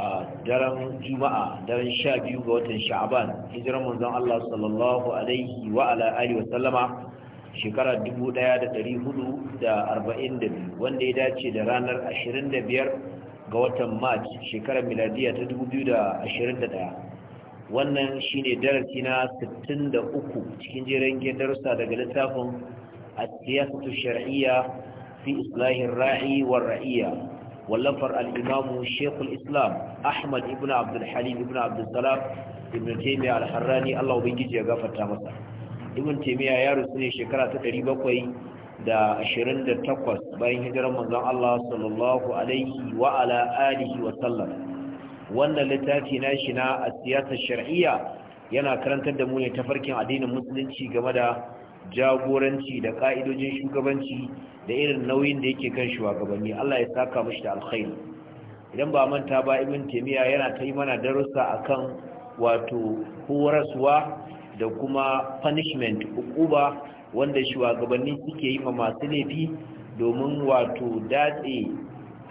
a daren juma'a daren sha biyu ga watan sha'aban hijiran manzon Allah sallallahu alaihi wa ala alihi wa sallama shekara 1442 wanda ya dace da ranar 25 ga watan march shekarar miladiya ta 2021 wannan shine darasi na 63 cikin jerin darussa daga littafin at-siyasatu shar'iyya fi islahir ra'i war ra'iyya wallafar al'imamu shekul islam ahmad ibn abdulhalim ibn abdulsalam ibn taimiyya alharrani allah ubangiji ya gafarta masa ibn taimiyya ya rusu ne shekara ta ɗari bakwai da ashirin da takwas bayan hijirar manzon allah sallallahu alaihi wa ala alihi wa sallam wannan littafi na shi na a siyasar shar'iyya yana karantar da mu ne tafarkin addinin musulunci game da jagoranci da ka'idojin shugabanci da irin nauyin da yake kan shugabanni Allah ya saka mishi da alkhairi idan ba manta ba ibn taymiya yana ta yi mana darussa akan wato horaswa da kuma punishment hukuba wanda shugabanni suke yi ma masu laifi domin wato datse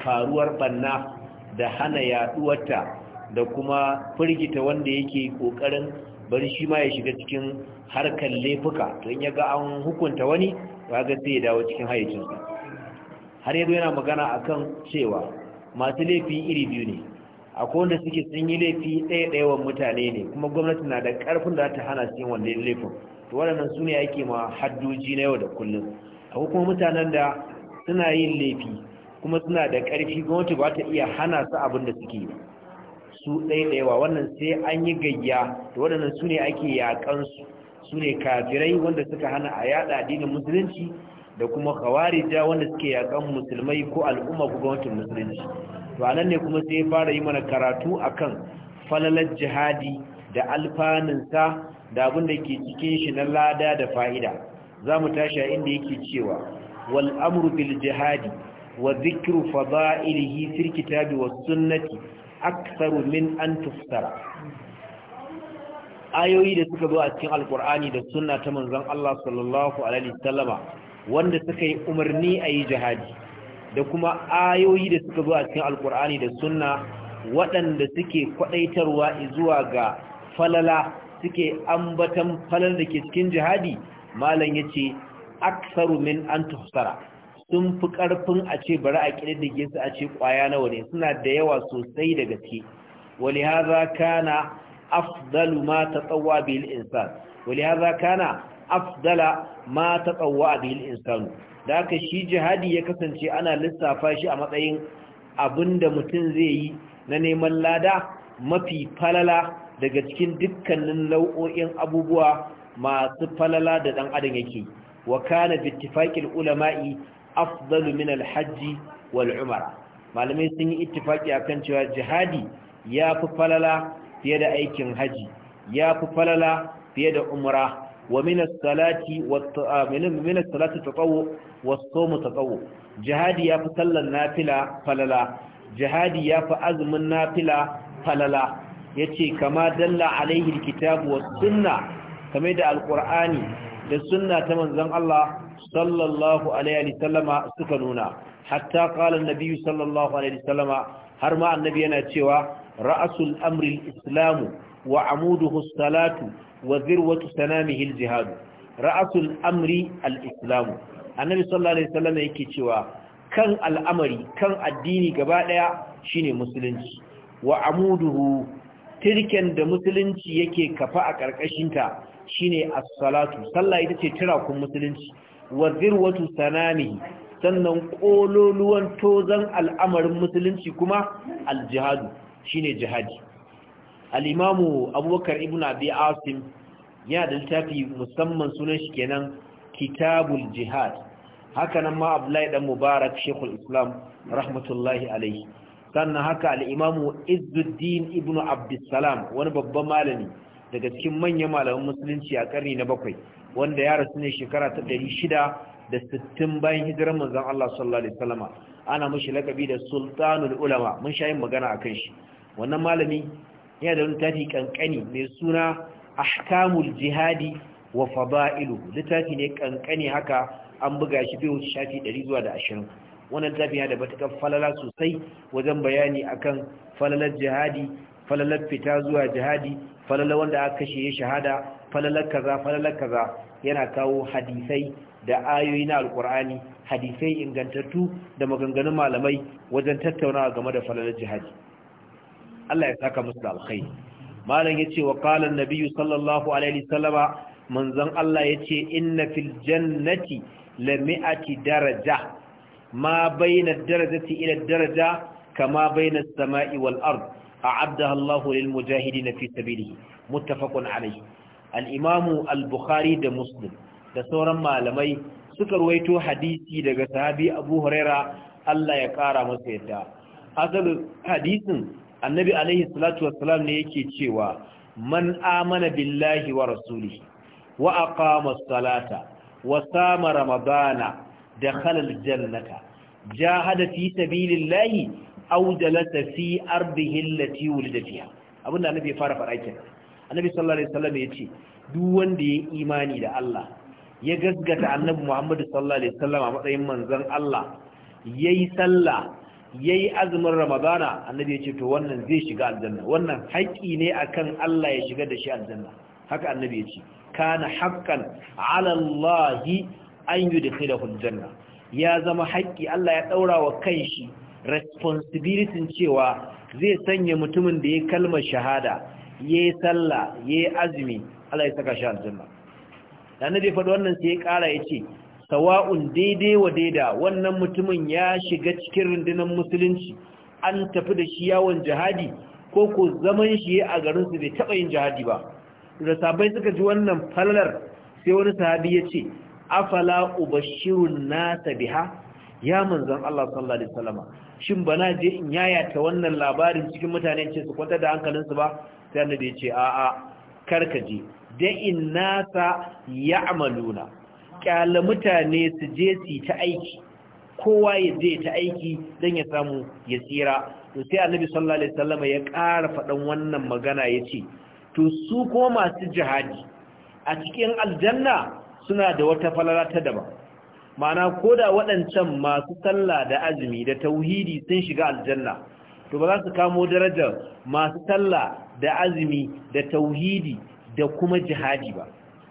faruwar banna da hana yaduwarta da kuma firgita wanda yake kokarin bari shi ma ya shiga cikin harkar laifuka to in ya ga an hukunta wani ba ga sai ya dawo cikin hayyacinsa har yanzu yana magana akan cewa masu laifi iri biyu ne akwai wanda suke sun yi laifi ɗaya ɗaya wa mutane ne kuma gwamnati na da ƙarfin da za ta hana su yin wanda laifin to waɗannan su ne ake ma haddoji na yau da kullum akwai kuma mutanen da suna yin laifi kuma suna da ƙarfi gwamnati ba ta iya hana su abin da suke yi su ɗaiɗaiwa wannan sai an yi gayya da waɗannan su ne ake yaƙansu su ne kafirai wanda suka hana a yaɗa addinin musulunci da kuma kawarija wanda suke yaƙan musulmai ko al'umma ko gwamnatin musulunci to a nan ne kuma sai fara yi mana karatu a kan falalar jihadi da alfanunsa da abin da ke cikin shi na lada da fa'ida za mu tashi a inda yake cewa wal amru bil jihadi wa zikru fada'ilihi fil kitabi was sunnati aksaru min an tuftara ayoyi da suka zo a cikin alkur'ani da sunna ta manzon Allah sallallahu alaihi wanda suka yi umarni a yi jihadi da kuma ayoyi da suka zo a cikin alkur'ani da sunna waɗanda suke kwaɗaitarwa zuwa ga falala suke ambatan falal da ke cikin jihadi malam ya aksaru min an tuftara sun fi ƙarfin a ce bari a ƙididdige su a ce ƙwaya nawa ne suna da yawa sosai da gaske wali haza kana afdalu ma tsawa bil insan wali haza kana afdala ma tatawwa bil insan da aka shi jihadi ya kasance ana lissafa shi a matsayin abinda mutum zai yi na neman lada mafi falala daga cikin dukkanin nau'o'in abubuwa masu falala da ɗan adam yake wa kana bittifaqil ulama'i afdalu min alhajji wal umara malamai sun yi ittifaki akan cewa jihadi ya fi falala fiye da aikin haji ya fi falala fiye da umra wa min as-salati ah, min as-salati tatawwu was-sawm jihadi ya fi sallan nafila falala jihadi ya fi azumin nafila falala yace kama dalla alaihi al-kitabu was-sunnah kamar da alqur'ani da sunna ta manzon Allah sallallahu alaihi sallama suka nuna hatta qala an-nabi sallallahu alaihi sallama har ma annabi yana cewa ra'asul amri al-islamu wa amuduhu salatu wa zirwatu sanamihi al-jihad ra'asul amri al-islamu annabi sallallahu alaihi sallama yake cewa kan al'amari kan addini gaba daya shine musulunci wa amuduhu tirken da musulunci yake kafa a ƙarƙashinta shine as-salatu sallah ita ce tirakun musulunci wa zirwatu sanamihi sannan kololuwan tozan al'amarin musulunci kuma aljihadu shine jihadi Alimamu abubakar ibn abi asim yana da littafi musamman sunan shi kenan kitabul jihad haka nan ma abdullahi dan mubarak shekul islam rahmatullahi alaihi sannan haka al-imamu izzuddin ibn Abdisalam, wani babban malami daga cikin manyan malaman musulunci a karni na bakwai wanda ya rasu ne shekara ta ɗari shida da sittin bayan hijirar manzan Allah sallallahu alaihi wasallama ana mashi lakabi da sultanul ulama mun sha yin magana akan shi wannan malami yana da littafi kankani mai suna ahkamul jihadi wa fada'ilu littafi ne kankani haka an buga shi bai wuce shafi 100 zuwa da 20 wannan littafi yana da matukar falala sosai wajen bayani akan falalar jihadi falalar fita zuwa jihadi falala wanda aka kashe ya shahada falalar kaza falalar kaza yana kawo hadisai da ayoyi na alkur'ani hadisai ingantattu da maganganun malamai wajen tattaunawa game da falalar jihadi Allah ya saka musu da alkhairi malam yace wa qala an-nabiy sallallahu alaihi wasallama manzon Allah yace inna fil jannati la daraja ma bayna ad-darajati ila ad-daraja kama bayna as-sama'i wal ard a'addaha Allah lil mujahidin fi sabilihi muttafaqun alayhi al-imam al-bukhari da muslim da sauran malamai suka ruwaito hadisi daga sahabi Abu Huraira Allah ya kara masa yadda asalin hadisin annabi alaihi salatu wassalam ne yake cewa Man'amana billahi wa rasulihi wa aqama salata wa sama ramadana da al-jannata jahada fi sabilillahi aw jalasa fi ardihi allati wulida fiha abinda annabi ya fara fara kenan annabi sallallahu alaihi wasallam ya ce duk wanda ya imani da Allah ya gaskata annabi Muhammad sallallahu alaihi wasallam a matsayin manzon Allah yayi sallah yayi azumin Ramadana annabi ya ce to wannan zai shiga aljanna wannan haƙi ne akan Allah ya shiga da shi aljanna haka annabi ya ce kana haqqan ala Allah an yudkhilahu aljanna ya zama haƙi Allah ya daura wa kanshi responsibility cewa zai sanya mutumin da ya kalmar shahada ya yi sallah ya yi azumi Allah ya saka shi aljanna da na faɗi wannan sai ya kara ya ce sawa'un daidai wa daida wannan mutumin ya shiga cikin rundunar musulunci an tafi da shi yawon jihadi ko ku zaman shi a garinsu bai taɓa yin jihadi ba da sabai suka ji wannan falalar sai wani sahabi ya ce afala ubashirun nasa biha ya manzan Allah sallallahu alaihi wasallama shin ba na je in yayata wannan labarin cikin mutane ce su kwantar da hankalinsu ba sai annabi ya ce a'a je. da in nasa ya'maluna kyala mutane su je su ta aiki kowa ya je ta aiki don ya samu ya tsira to sai annabi sallallahu alaihi ya ƙara faɗan wannan magana ya ce. to su ko masu jihadi a cikin aljanna suna da wata falala ta daban ma'ana ko da waɗancan masu sallah da azumi da tauhidi sun shiga aljanna to ba za su kamo darajar masu sallah da azumi da tauhidi da kuma jihadi ba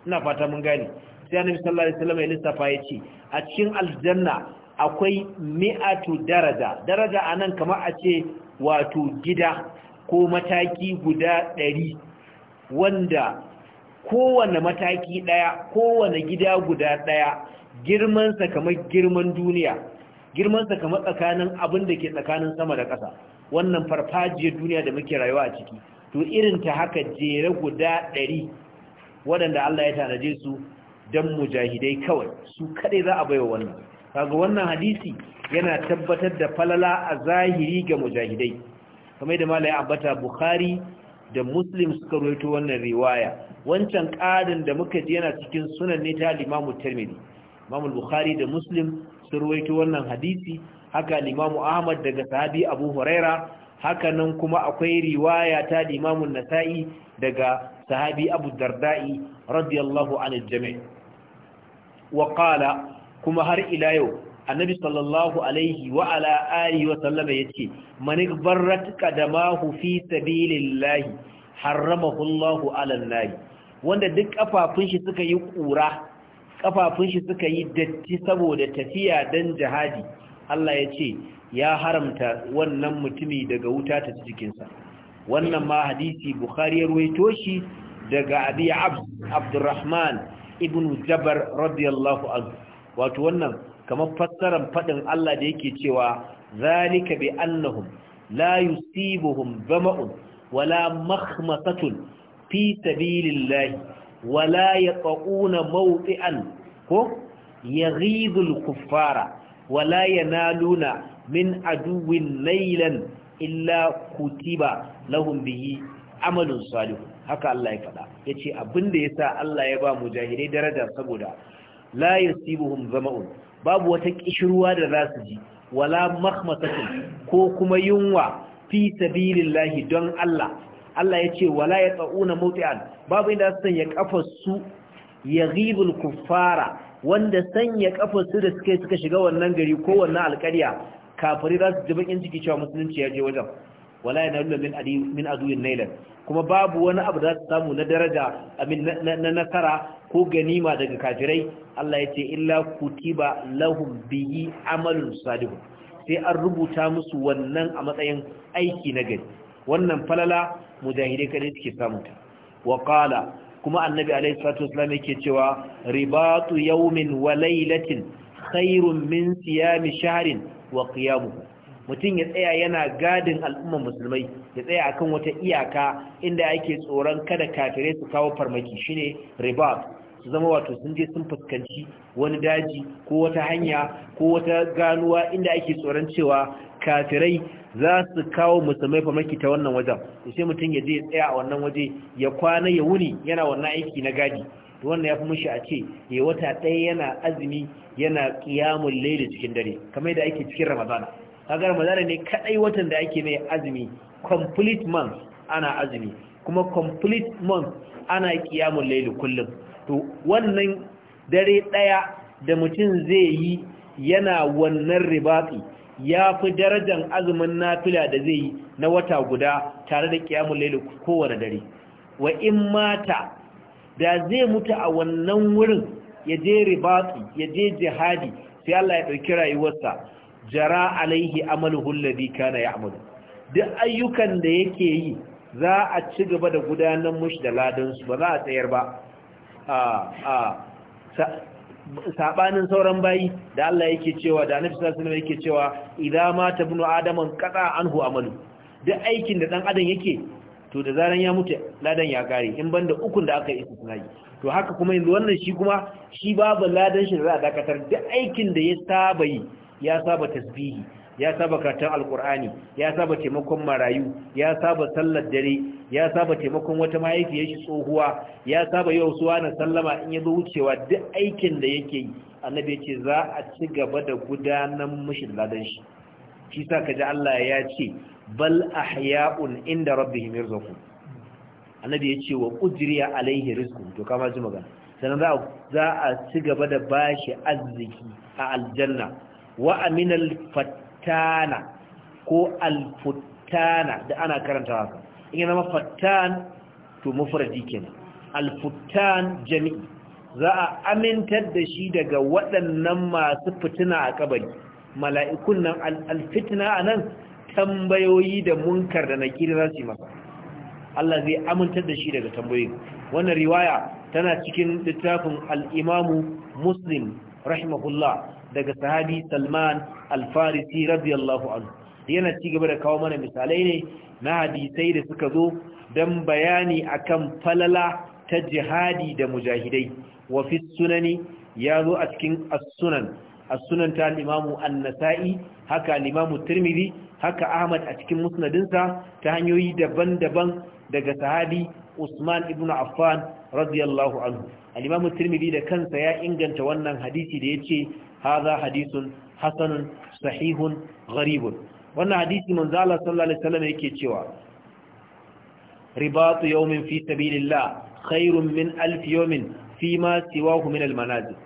ina fata mun gane sai annabi sallallahu alaihi wasallam ya lissafa yace a cikin aljanna akwai mi'atu daraja daraja anan kamar a ce wato gida ko mataki guda ɗari wanda kowane mataki ɗaya kowane gida guda ɗaya girmansa kamar girman duniya girmansa kamar tsakanin abin da ke tsakanin sama da ƙasa wannan farfajiyar duniya da muke rayuwa a ciki to irin ta haka jere guda ɗari waɗanda Allah ya tanaje su don mujahidai kawai su kaɗai za a baiwa wannan kaga wannan hadisi yana tabbatar da falala a zahiri ga mujahidai kamar da malai ambata bukhari da muslim suka rawaito wannan riwaya wancan ƙarin da muka ji yana cikin sunan ne ta limamu tirmidhi imam bukhari da muslim sun ruwaito wannan hadisi haka al-Imamu ahmad daga sahabi abu huraira haka nan kuma akwai riwaya ta imam nasa'i daga sahabi abu darda'i radiyallahu anil jami' wa qala kuma har ila yau annabi sallallahu alaihi wa ala alihi wa sallama yace man barrat qadamahu fi sabilillahi harramahu Allahu ala nar wanda duk kafafun shi suka yi kura kafafun shi suka yi datti saboda tafiya dan jihadi Allah ya ce ya haramta wannan mutumi daga wuta ta cikinsa wannan ma hadisi bukhari ya ruwaito shi daga abi abdurrahman ibn jabar radiyallahu anhu wato wannan kamar fassarar fadin Allah da yake cewa zalika bi annahum la yusibuhum zama'un wala makhmasatun fi sabilillahi wala ƙauna mawti'an ko yaghidul kuffara wala yanaluna min aduwin nailan illa kutiba na bihi amalin salihu haka Allah ya faɗa Ya ce abinda yasa Allah ya ba mujahidai daraja saboda la yasibuhum zama'un babu wata kishirwa da za su ji wala makhmasatun ko kuma yunwa fi sabilillahi don Allah Allah ya ce wala ya tsa'una muti'an babu inda su sanya kafarsu ya ghibul kuffara wanda sanya kafarsu da suka suka shiga wannan gari ko wannan alƙarya kafiri za su ji bakin ciki cewa musulunci ya je wajen wala ya nalu min adi nailan kuma babu wani abu za su samu na daraja amin na nasara ko ganima daga kafirai Allah ya ce illa kutiba lahum bihi amalun salihun sai an rubuta musu wannan a matsayin aiki na gari wannan falala mujahidai kadai suke samunta wa qala kuma annabi alayhi salatu wasallam yake cewa ribatu yawmin wa laylatin khairun min siyami shahrin wa qiyamuhu mutum ya tsaya yana gadin al'umman musulmai ya tsaya akan wata iyaka inda ake tsoron kada kafirai su kawo farmaki shine ribat su zama wato sun je sun fuskanci wani daji ko wata hanya ko wata ganuwa inda ake tsoron cewa kafirai za su kawo musulmai famaki ta wannan wajen to sai mutum ya je ya tsaya a wannan waje ya kwana ya wuni yana wannan aiki na gadi to wannan ya fi mushi a ce ya wata ɗaya yana azumi yana kiyamun laili cikin dare kamar yadda ake cikin ramadana kaga ramadana ne kadai watan da ake mai azumi complete month ana azumi kuma complete month ana kiyamun laili kullum to wannan dare ɗaya da mutum zai yi yana wannan ribati ya fi darajar azumin nafila da zai yi na wata guda tare da ƙiyamun laili kowane dare wa in mata da zai mutu a wannan wurin ya je ribatu ya je jihadi sai Allah ya ɗauki rayuwarsa jara alaihi amaluhu alladhi kana ya'malu duk ayyukan da yake yi za a ci gaba da gudanar mushi da ladansu ba za a tsayar ba ah, ah, sabanin sauran bayi da Allah yake cewa da Annabi sallallahu alaihi wasallam yake cewa idza mata ibnu adama qata anhu amalu duk aikin da dan adam yake to da zaran ya mutu ladan ya kare in banda ukun da aka yi istisnai to haka kuma yanzu wannan shi kuma shi babu ladan shi da za a dakatar duk aikin da ya saba yi ya saba tasbihi ya saba karatun alkur'ani ya saba taimakon marayu ya saba sallar dare ya saba taimakon wata mahaifiyar shi tsohuwa ya saba yau suwa na sallama in ya zo wucewa duk aikin da yake yi annabi ya ce za a ci gaba da gudanar mashi ladan shi shi sa kaji Allah ya ce bal ahya'un inda rabbihim yarzuqu annabi ya ce wa ujriya alaihi rizqu to kama ji magana sannan za a ci gaba da bashi arziki a aljanna wa aminal fat fattana ko alfuttana da ana karanta haka in yana mafattan to mufradi kenan alfuttan jami'i za a amintar da shi daga waɗannan masu fitina a kabari mala'ikun nan alfitina a nan tambayoyi da munkar da nakiri za su yi masa Allah zai amintar da shi daga tambayoyi wannan riwaya tana cikin littafin al'imamu muslim rahimahullah daga sahabi Salman al-Farisi radiyallahu anhu yana ci gaba da kawo mana misalai ne na hadisai da suka zo dan bayani akan falala ta jihadi da mujahidai wa fi sunani ya zo a cikin as-sunan as-sunan ta al-Imam an-Nasa'i haka al Tirmidhi haka Ahmad a cikin musnadinsa ta hanyoyi daban-daban daga sahabi Usman ibn Affan radiyallahu anhu al-Imam Tirmidhi da kansa ya inganta wannan hadisi da yace hadha hadisin hasanun sahihun gharibun wannan hadisi manzo Allah sallallahu alaihi wasallam yake cewa ribatu yawmin fi sabilillah khairun min alf yawmin fi ma siwahu min almanazil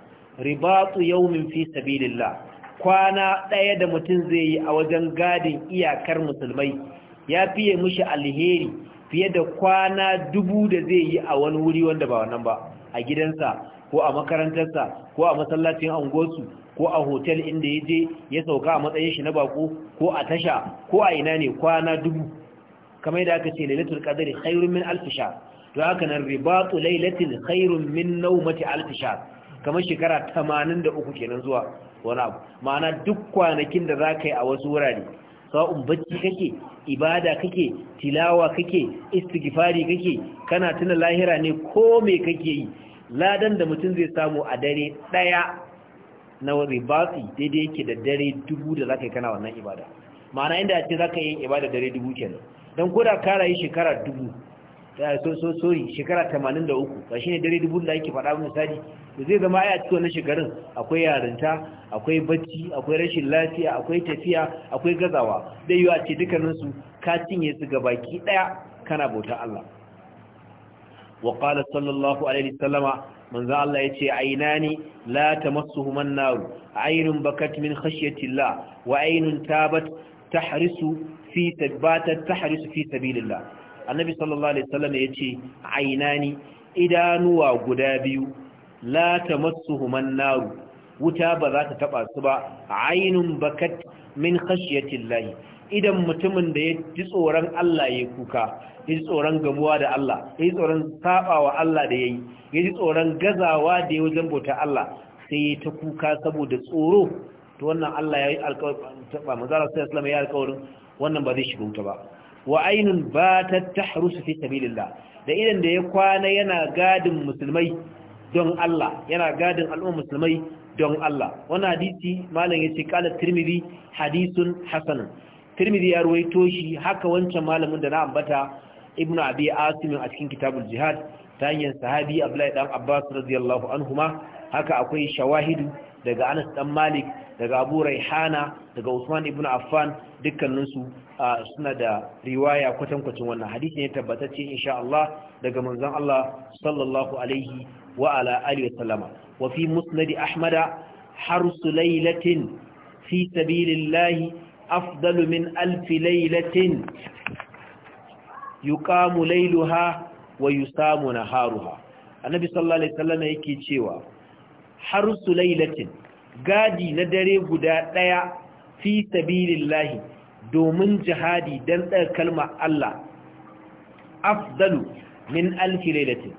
ribatu yawmin fi sabilillah kwana daya da mutum zai yi a wajen gadin iyakar musulmai ya fiye mishi alheri fiye da kwana dubu da zai yi a wani wuri wanda ba wannan ba a gidansa ko a makarantarsa ko a masallacin angosu ko a hotel inda ya je ya sauka a matsayin shi na bako ko a tasha ko a ina ne kwana dubu kamar da aka ce lailatul qadri khairun min alf shahr to haka nan ribatu lailatul khairun min nawmati alf shahr kamar shekara 83 kenan zuwa wani abu ma'ana duk kwanakin da zaka yi a wasu wurare sa'un bacci kake ibada kake tilawa kake istighfari kake kana tuna lahira ne ko me kake yi ladan da mutum zai samu a dare ɗaya na ribasi daidai yake da dare dubu da za ka yi kana wannan ibada ma'ana inda ya ce za ka yi ibada dare dubu kenan don koda kara yi shekara dubu eh, so so sori shekara tamanin da uku ba shine dare dubu da ake faɗa misali to zai zama ya cikin wani shekarun akwai yarinta akwai bacci akwai rashin lafiya akwai tafiya akwai gazawa dai yiwa ce dukkaninsu ka cinye su ga baki ɗaya kana bautar Allah wa qala sallallahu alaihi wasallama manzo Allah yace aynani la tamassuhuma an-nar aynun bakat min khashyatillah wa aynun tabat tahrisu fi tabata tahrisu fi sabilillah annabi sallallahu alaihi wasallama yace aynani idanuwa guda biyu la tamassuhuma an-nar wuta ba za ta taba su ba aynun bakat min khashyatillah idan mutumin da ya ji tsoron Allah ya kuka ya ji tsoron gamuwa da Allah ya ji tsoron saɓawa Allah da ya yi ya ji tsoron gazawa da ya wajen bauta Allah sai ya ta kuka saboda tsoro to wannan Allah ya yi alkawarin, ba wannan ba zai shiga ba wa ainun ba ta tahrusu fi sabilillah da idan da ya kwana yana gadin musulmai don Allah yana gadin al'ummar musulmai don Allah wannan hadisi malam ya ce, Kala tirmidhi hadisun hasanun tirmidhi ya ruwaito shi haka wancan malamin da na ambata ibnu abi asim a cikin kitabul jihad ta hanyar sahabi abdullahi dan abbas radiyallahu anhuma haka akwai shawahidu daga anas dan malik daga abu raihana daga usman ibnu affan dukkaninsu suna da riwaya kwatankwacin wannan hadisi ne tabbatacce insha Allah daga manzon Allah sallallahu alaihi wa ala alihi wa sallama wa fi musnad har sulailatin fi sabilillahi afdalu min alfi lailatin yuqamu lailuha wa yusamu naharuha annabi sallallahu alaihi wasallam yake cewa harsu lailatin gadi na dare guda ɗaya fi sabilillahi domin jihadi don tsaya kalmar Allah afdalu min alfi lailatin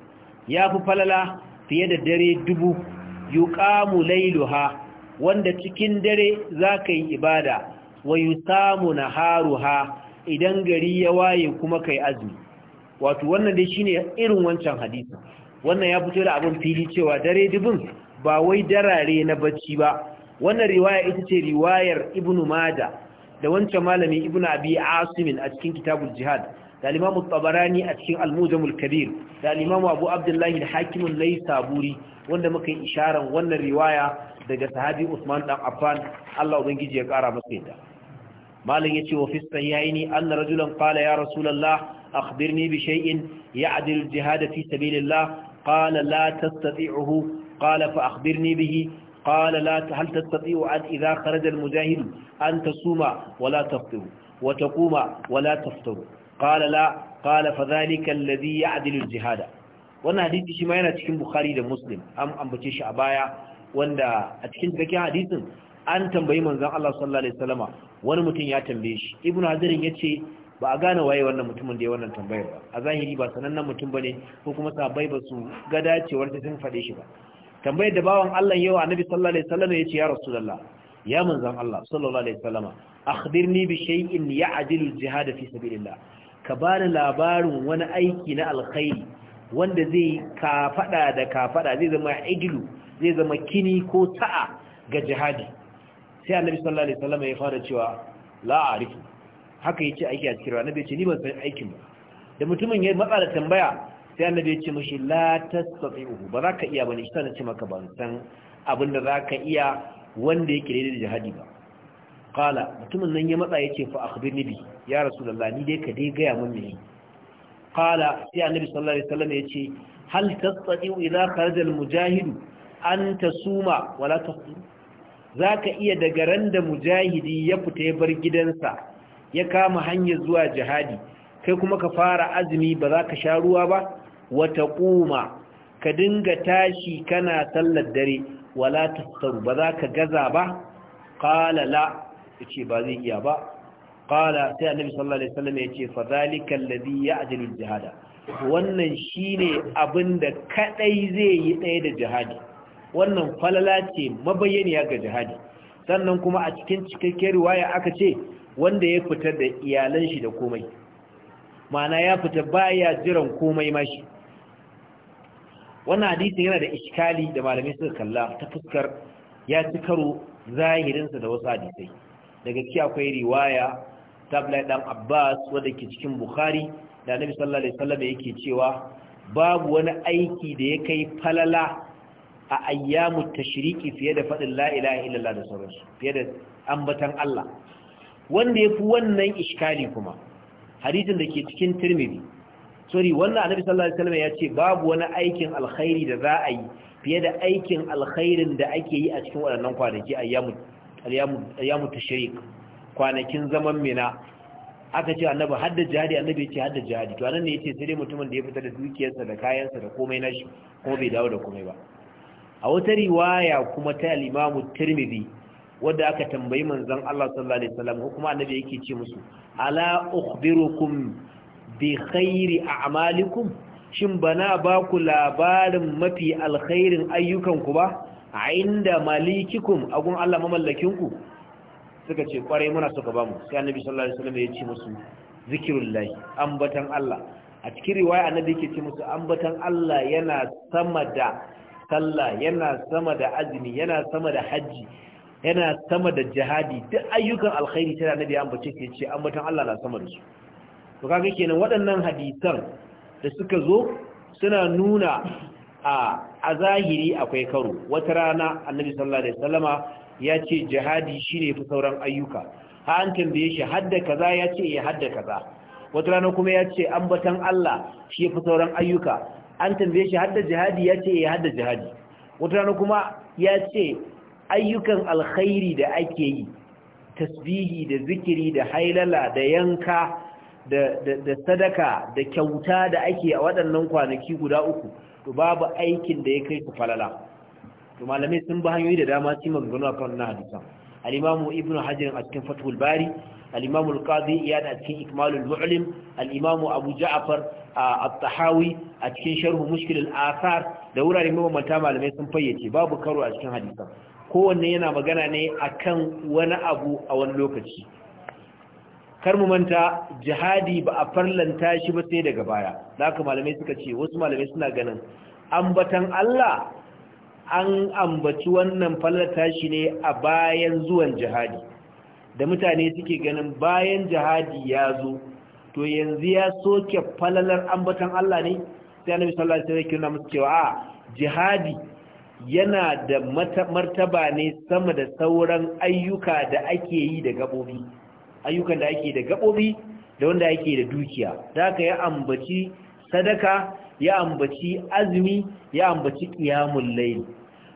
fi falala fiye da dare dubu yuƙamu lailuha wanda cikin dare zaka yi ibada wa na haruha idan gari ya waye kuma kai azumi wato wannan dai shine irin wancan hadisi wannan ya fito da abin fili cewa dare dubin ba wai darare na bacci ba wannan riwaya ita ce riwayar ibnu mada da wancan malami ibnu abi asim a cikin kitabul jihad da al-imam tabarani a cikin al-mujamul kabir da abu abdullahi da hakim al-laysaburi wanda muka yi isharar wannan riwaya daga sahabi usman dan affan Allah ubangiji ya kara masa yadda malam yace wa fi yayini anna rajulan qala ya rasulullah akhbirni bi shay'in ya'dil jihad fi sabilillah qala la tastati'uhu qala fa akhbirni bihi قال لا هل تستطيع أن إذا خرج المجاهد wa تصوم ولا تفطر وتقوم qala تفطر قال لا قال فذلك الذي يعدل الجهاد wannan hadisi shi ma yana cikin Bukhari da Muslim an ambace shi a baya wanda a cikin cikin hadisin an tambayi manzon Allah sallallahu alaihi wasallama wani mutum ya tambaye shi ibnu ya yace ba a gane waye wannan mutumin da ya wannan tambayar ba a zahiri ba sanannen mutum ne ko kuma sahabbai ba su ga dacewar ta sun fade shi ba tambayar da bawan Allah yau annabi sallallahu alaihi wasallama yace ya rasulullah ya manzon Allah sallallahu alaihi wasallama akhbirni bi shay'in ya'dilu jihad fi sabilillah ka bani labarin wani aiki na alkhairi wanda zai ka fada da ka fada zai zama idilu zai zama kini ko sa'a ga jihadi sai annabi sallallahu alaihi wasallam ya fara cewa la arifu haka yace aiki a cikin annabi yace ni ban san aikin ba da mutumin ya matsa da tambaya sai annabi yace mishi la tastati'uhu ba za ka iya bane shi tana ce maka ban san abin da za ka iya wanda yake daidai da jihadi ba qala mutumin nan ya matsa yace fa akhbirni bi ya rasulullah ni dai ka dai ga ya mun ne qala sai annabi sallallahu alaihi wasallam yace hal tastati'u idha kharaja al mujahid an tasuma wala tafṭir za ka iya daga ran da mujahidi ya fita ya bar gidansa ya kama hanyar zuwa jihadi kai kuma ka fara azumi ba za ka sha ruwa ba wata kuma ka dinga tashi kana sallar dare wala tasaru ba za ka gaza ba qala la yace ba zai iya ba qala sai annabi sallallahu alaihi wasallam ce fa zalika alladhi ya'dilu jihada wannan shine abin da kaɗai zai yi ɗaya da jihadi wannan falala ce mabayyaniya ga jihadi sannan kuma a cikin cikakken riwaya aka ce wanda ya fita da iyalan shi da komai ma'ana ya fita baya jiran komai mashi wannan hadisin yana da iskali da malamai suka kalla ta fuskar ya ci karo zahirinsa da wasu hadisai daga ciki akwai riwaya tabla dan abbas wadda ke cikin bukhari da annabi sallallahu alaihi wasallam yake cewa babu wani aiki da ya kai falala a ayyamu tashriqi fiye da fadin la ilaha illallah da sauransu fiye da ambatan Allah wanda yafi wannan iskali kuma hadisin da ke cikin Tirmidhi sorry wannan Annabi sallallahu alaihi wasallam ya ce babu wani aikin alkhairi da za a yi fiye da aikin alkhairin da ake yi a cikin waɗannan kwanaki ayyamu ayyamu tashriq kwanakin zaman mina aka ce annabi hadda jihadi annabi ce hadda jihadi to anan ne yace sai dai mutumin da ya fita da dukiyarsa da kayansa da komai nashi kuma bai dawo da komai ba a wata riwaya kuma ta al-Imam Tirmidhi wanda aka tambayi manzon Allah sallallahu alaihi wasallam ko kuma annabi yake ce musu ala ukhbirukum bi khairi a'malikum shin bana ba ku labarin mafi alkhairin ayyukanku ba inda malikikum agun Allah mamallakinku suka ce kwarai muna suka mu sai annabi sallallahu alaihi wasallam ya ce musu zikrullahi ambatan Allah a cikin riwaya annabi yake ce musu ambatan Allah yana sama da sallah yana sama da azumi yana sama da hajji yana sama da jihadi duk ayyukan alkhairi tana nabi an ke ce ambaton Allah na sama da su to kaga kenan waɗannan hadisan da suka zo suna nuna a a zahiri akwai karo wata rana annabi sallallahu alaihi wasallama ya ce jihadi shine fi sauran ayyuka ha an tambaye shi hadda kaza ya ce ya eh, hadda kaza wata rana kuma ya ce ambatan Allah shi fi sauran ayyuka an tambaye shi hadda jihadi ya ce ya eh, hadda jihadi wata rana kuma ya ce ayyukan alkhairi da ake yi tasbihi da zikiri da hailala da yanka da sadaka da kyauta da ake a waɗannan kwanaki guda uku to babu aikin da ya kai su falala to malamai sun bi hanyoyi da dama cimma gano akan wannan hadisan al-imamu ibnu hajar a cikin fathul bari a الإمام القاضي يعني أتكين إكمال المعلم الإمام a جعفر الطحاوي أتكين شره مشكل الآثار دورة الإمام ملتامة لما يسم babu باب a أتكين حديثا kowanne yana magana ne akan wani abu a wani lokaci kar mu manta jihadi ba a farlanta shi ba sai daga baya da haka malamai suka ce wasu malamai suna ganin ambatan Allah an ambaci wannan farlanta shi ne a bayan zuwan jihadi da mutane suke ganin bayan jihadi ya zo to yanzu ya soke falalar ambatan Allah ne sai annabi sallallahu alaihi wasallam kira musu cewa a jihadi yana da martaba ne sama da sauran ayyuka da ake yi da gabobi ayyukan da ake da gabobi da wanda ake da dukiya da haka ya ambaci sadaka ya ambaci azumi ya ambaci qiyamul layl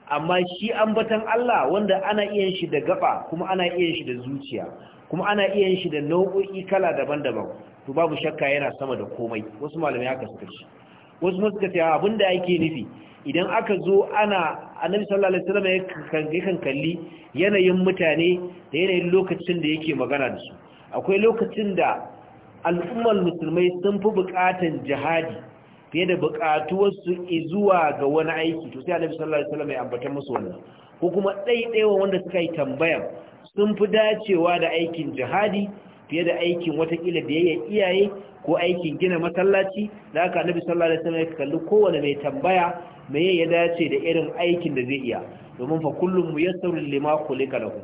amma shi ambatan Allah wanda ana iya shi da gaba kuma ana iya shi da zuciya kuma ana iya shi da nau'o'i kala daban-daban to babu shakka yana sama da komai wasu malamai haka suka ce wasu suka ce abinda yake nufi idan aka zo ana annabi sallallahu alaihi wasallam kan kalli yanayin mutane da yanayin lokacin da yake magana da su akwai lokacin da al'ummar musulmai sun fi bukatan jihadi fiye da buƙatuwarsu zuwa ga wani aiki to sai annabi sallallahu alaihi wasallam ya ambata musu wannan ko kuma ɗaiɗaiwa wanda suka yi tambaya sun fi dacewa da aikin jihadi fiye da aikin watakila da yayin iyaye ko aikin gina masallaci da aka annabi sallallahu alaihi wasallam ya kalli kowanne mai tambaya me ya dace da irin aikin da zai iya domin fa kullum muyassaru lima khuliqa lahu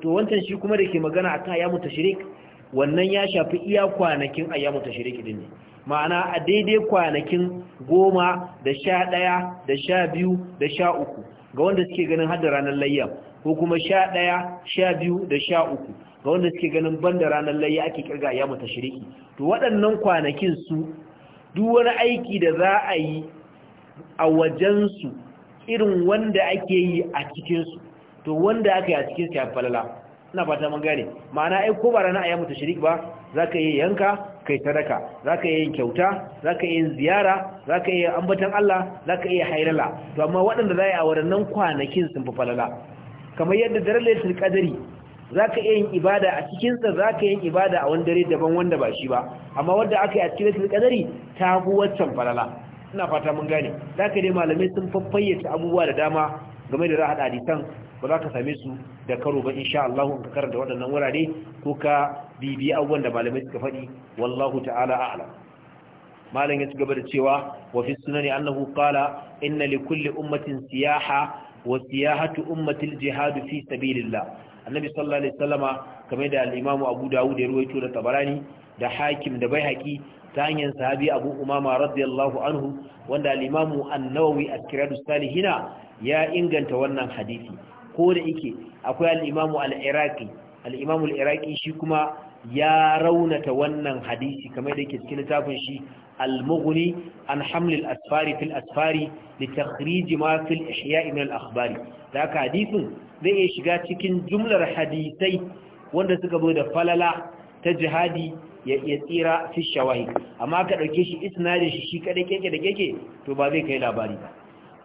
to wancan shi kuma da ke magana akan ayyamu tashrik wannan ya shafi iya kwanakin ayyamu tashrik din ne ma'ana a daidai kwanakin goma da sha ɗaya da sha biyu da sha uku ga wanda suke ganin hada ranar layya ko kuma sha ɗaya sha biyu da sha uku ga wanda suke ganin banda ranar layya ake kirga ya mata shiriki to waɗannan kwanakin su duk wani aiki da za a yi a wajensu irin wanda ake yi a cikinsu to wanda aka yi a cikinsu ya falala ina fata mun gane ma'ana ai ko ba rana a ya mata ba za ka yi yanka kai sadaka zaka iya yin kyauta zaka iya yin ziyara zaka yi ambatan Allah zaka iya hayrala to amma waɗanda za a waɗannan kwanakin sun fi falala kamar yadda dare daralatul qadari zaka iya yin ibada a cikin sa zaka yin ibada a wani dare daban wanda ba shi ba amma wanda aka yi a cikin daralatul qadari ta fi waccan falala ina fata mun gane zaka dai malamai sun faffayyace abubuwa da dama game da za a ba za ka same su da karo ba insha Allah ka karanta waɗannan wurare ko ka bibiya abubuwan da malamai suka faɗi wallahu ta'ala a'lam malam ya ci gaba da cewa wa fi sunani annahu qala inna li kulli ummatin siyaha wa siyahatu ummati jihad fi sabilillah annabi sallallahu alaihi wasallama kamar da al-imam Abu Dawud ya ruwaito da Tabarani da Hakim da Baihaqi ta hanyar sahabi Abu Umama radiyallahu anhu wanda al-imam An-Nawawi a Kiradus Salihina ya inganta wannan hadisi ko da yake akwai al'imamu imamu al-iraqi shi kuma ya raunata wannan hadisi kamar da yake cikin littafin shi al-mughni an asfari fil asfari li takhrij ma fil ihya' min al-akhbari da haka hadisin zai iya shiga cikin jumlar hadisai wanda suka zo da falala ta jihadi ya tsira fi shawahi amma ka dauke shi isnadin shi shi kada keke da keke to ba zai kai labari ba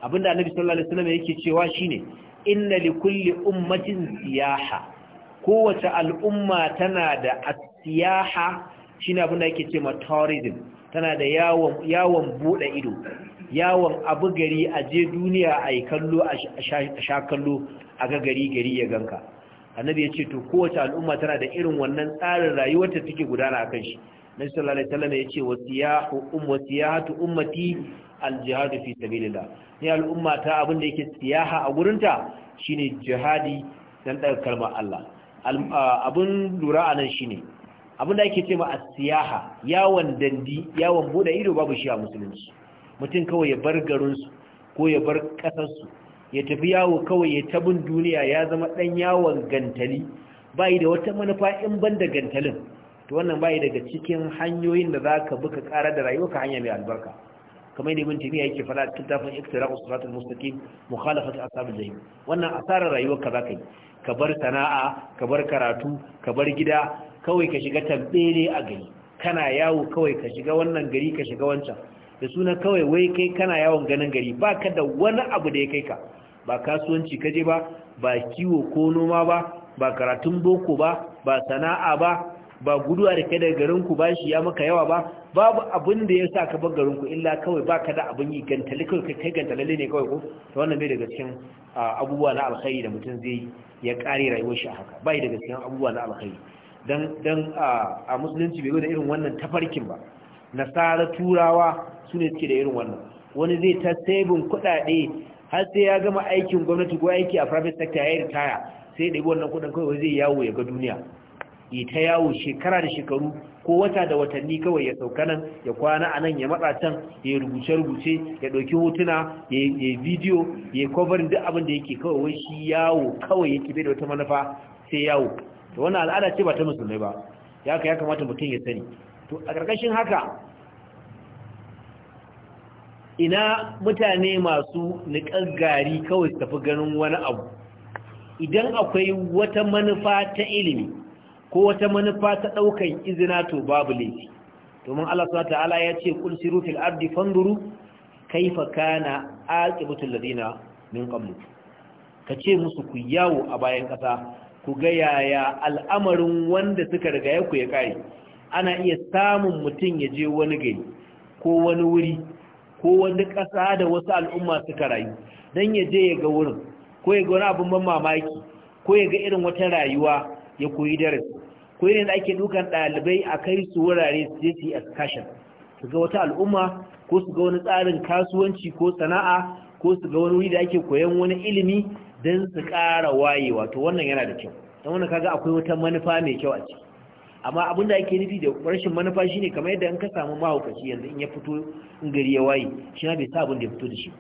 abinda annabi sallallahu alaihi wasallam yake cewa shine inna li kulli ummatin siyaha kowace al'umma tana da siyaha shine abin da yake ce ma tourism tana da yawon yawon bude ido yawon abu gari a je duniya a yi kallo a sha kallo a ga gari gari ya ganka annabi ya ce to kowace al'umma tana da irin wannan tsarin rayuwar ta take gudana akan shi nabi sallallahu alaihi wasallam ya ce wasiyahu um, ummati ummati al fi sabilillah ne al'umma ta abin da yake siyaha a gurinta shine jihadi don daga kalmar Allah abin lura a anan shine abin da ma a siyaha yawon dandi yawon buɗe ido babu shi a musulunci mutum kawai ya bar garinsu ko ya bar ƙasarsu. ya tafi yawo kawai ya tabin duniya ya zama ɗan yawon gantali yi da wata manufa in ban da gantalin to wannan bai daga cikin hanyoyin da za ka buka ƙara da rayuwa ka hanya mai albarka kamar da ibn taymiya yake fara cikin tafin iktira'u siratal mustaqim asab al jahim wannan asarar rayuwar ka zaka yi ka bar sana'a ka bar karatu ka bar gida kawai ka shiga ne a gari kana yawo kawai ka shiga wannan gari ka shiga wancan da suna kawai wai kai kana yawon ganin gari ba ka da wani abu da ya kai ka ba kasuwanci ka je ba ba kiwo ko noma ba ba karatun boko ba ba sana'a ba ba guduwa da kai daga garinku ba shi ya maka yawa ba babu abin da ya sa ka bar garinku illa kawai ba ka da abin yi gantali kawai kai gantalalle ne kawai ko ta wannan bai daga cikin abubuwa na alkhairi da mutum zai ya kare rayuwar shi a haka bai daga cikin abubuwa na alkhairi dan dan a musulunci bai da irin wannan tafarkin ba nasara turawa su ne suke da irin wannan wani zai ta sabin kuɗaɗe har sai ya gama aikin gwamnati ko aiki a private sector ya yi ritaya sai ya ɗebi wannan kuɗin kawai zai yawo ya ga duniya yi ta yawo shekara da shekaru ko wata da watanni kawai ya sauka nan ya kwana a nan ya matsa can ya rubuce-rubuce ya ɗauki hotuna ya bidiyo ya kwabarin duk abin da yake kawai wai shi yawo kawai yake bai da wata manufa sai yawo to wannan al'ada ce ba ta musulmai ba ya ka ya kamata mutum ya sani to a ƙarƙashin haka ina mutane masu niƙar gari kawai tafi ganin wani abu idan akwai wata manufa ta ilimi ko wata manufa ta ɗaukan izina to babu laifi domin Allah subhanahu ta'ala ya ce kul siru fil ardi fanduru kaifa kana aqibatu alladhina min qablu ce musu ku yawo a bayan kasa ku ga yaya al'amarin wanda suka riga ku ya kare ana iya samun mutum ya je wani gari ko wani wuri ko wani ƙasa da wasu al'umma suka rayu dan ya je ya ga wurin ko ya ga wani abin ban mamaki ko ya ga irin wata rayuwa ya koyi darasi ko ne da ake dukan ɗalibai a kai su wurare su je su yi excursion su ga wata al'umma ko su ga wani tsarin kasuwanci ko sana'a ko su ga wani wuri da ake koyan wani ilimi don su ƙara wayewa to wannan yana da kyau don wannan kaga akwai wata manufa mai kyau a ciki amma abin da ake nufi da rashin manufa shine kamar yadda in ka samu mahaukaci yanzu in ya fito in gari ya waye shi na bai sa abin da ya fito da shi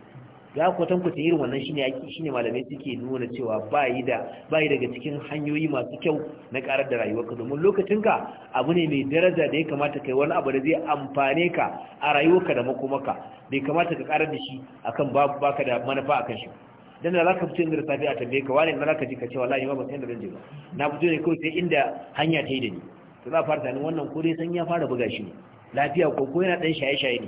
ya ta irin wannan shine shi shine malamai suke nuna cewa bayi da bayi daga cikin hanyoyi masu kyau na karar da rayuwarka domin ka abu ne mai daraja da ya kamata kai wani abu da zai amfane ka a rayuwarka da makomaka bai kamata ka karar da shi akan babu baka da manufa akan shi dan da zaka fito inda safiya a bai ka wani na zaka ji ka ce wallahi ba san da zan je ba na fito ne kawai sai inda hanya ta yi da ni to za fara tunanin wannan ko dai san ya fara buga shi ne lafiya ko ko yana dan shaye-shaye ne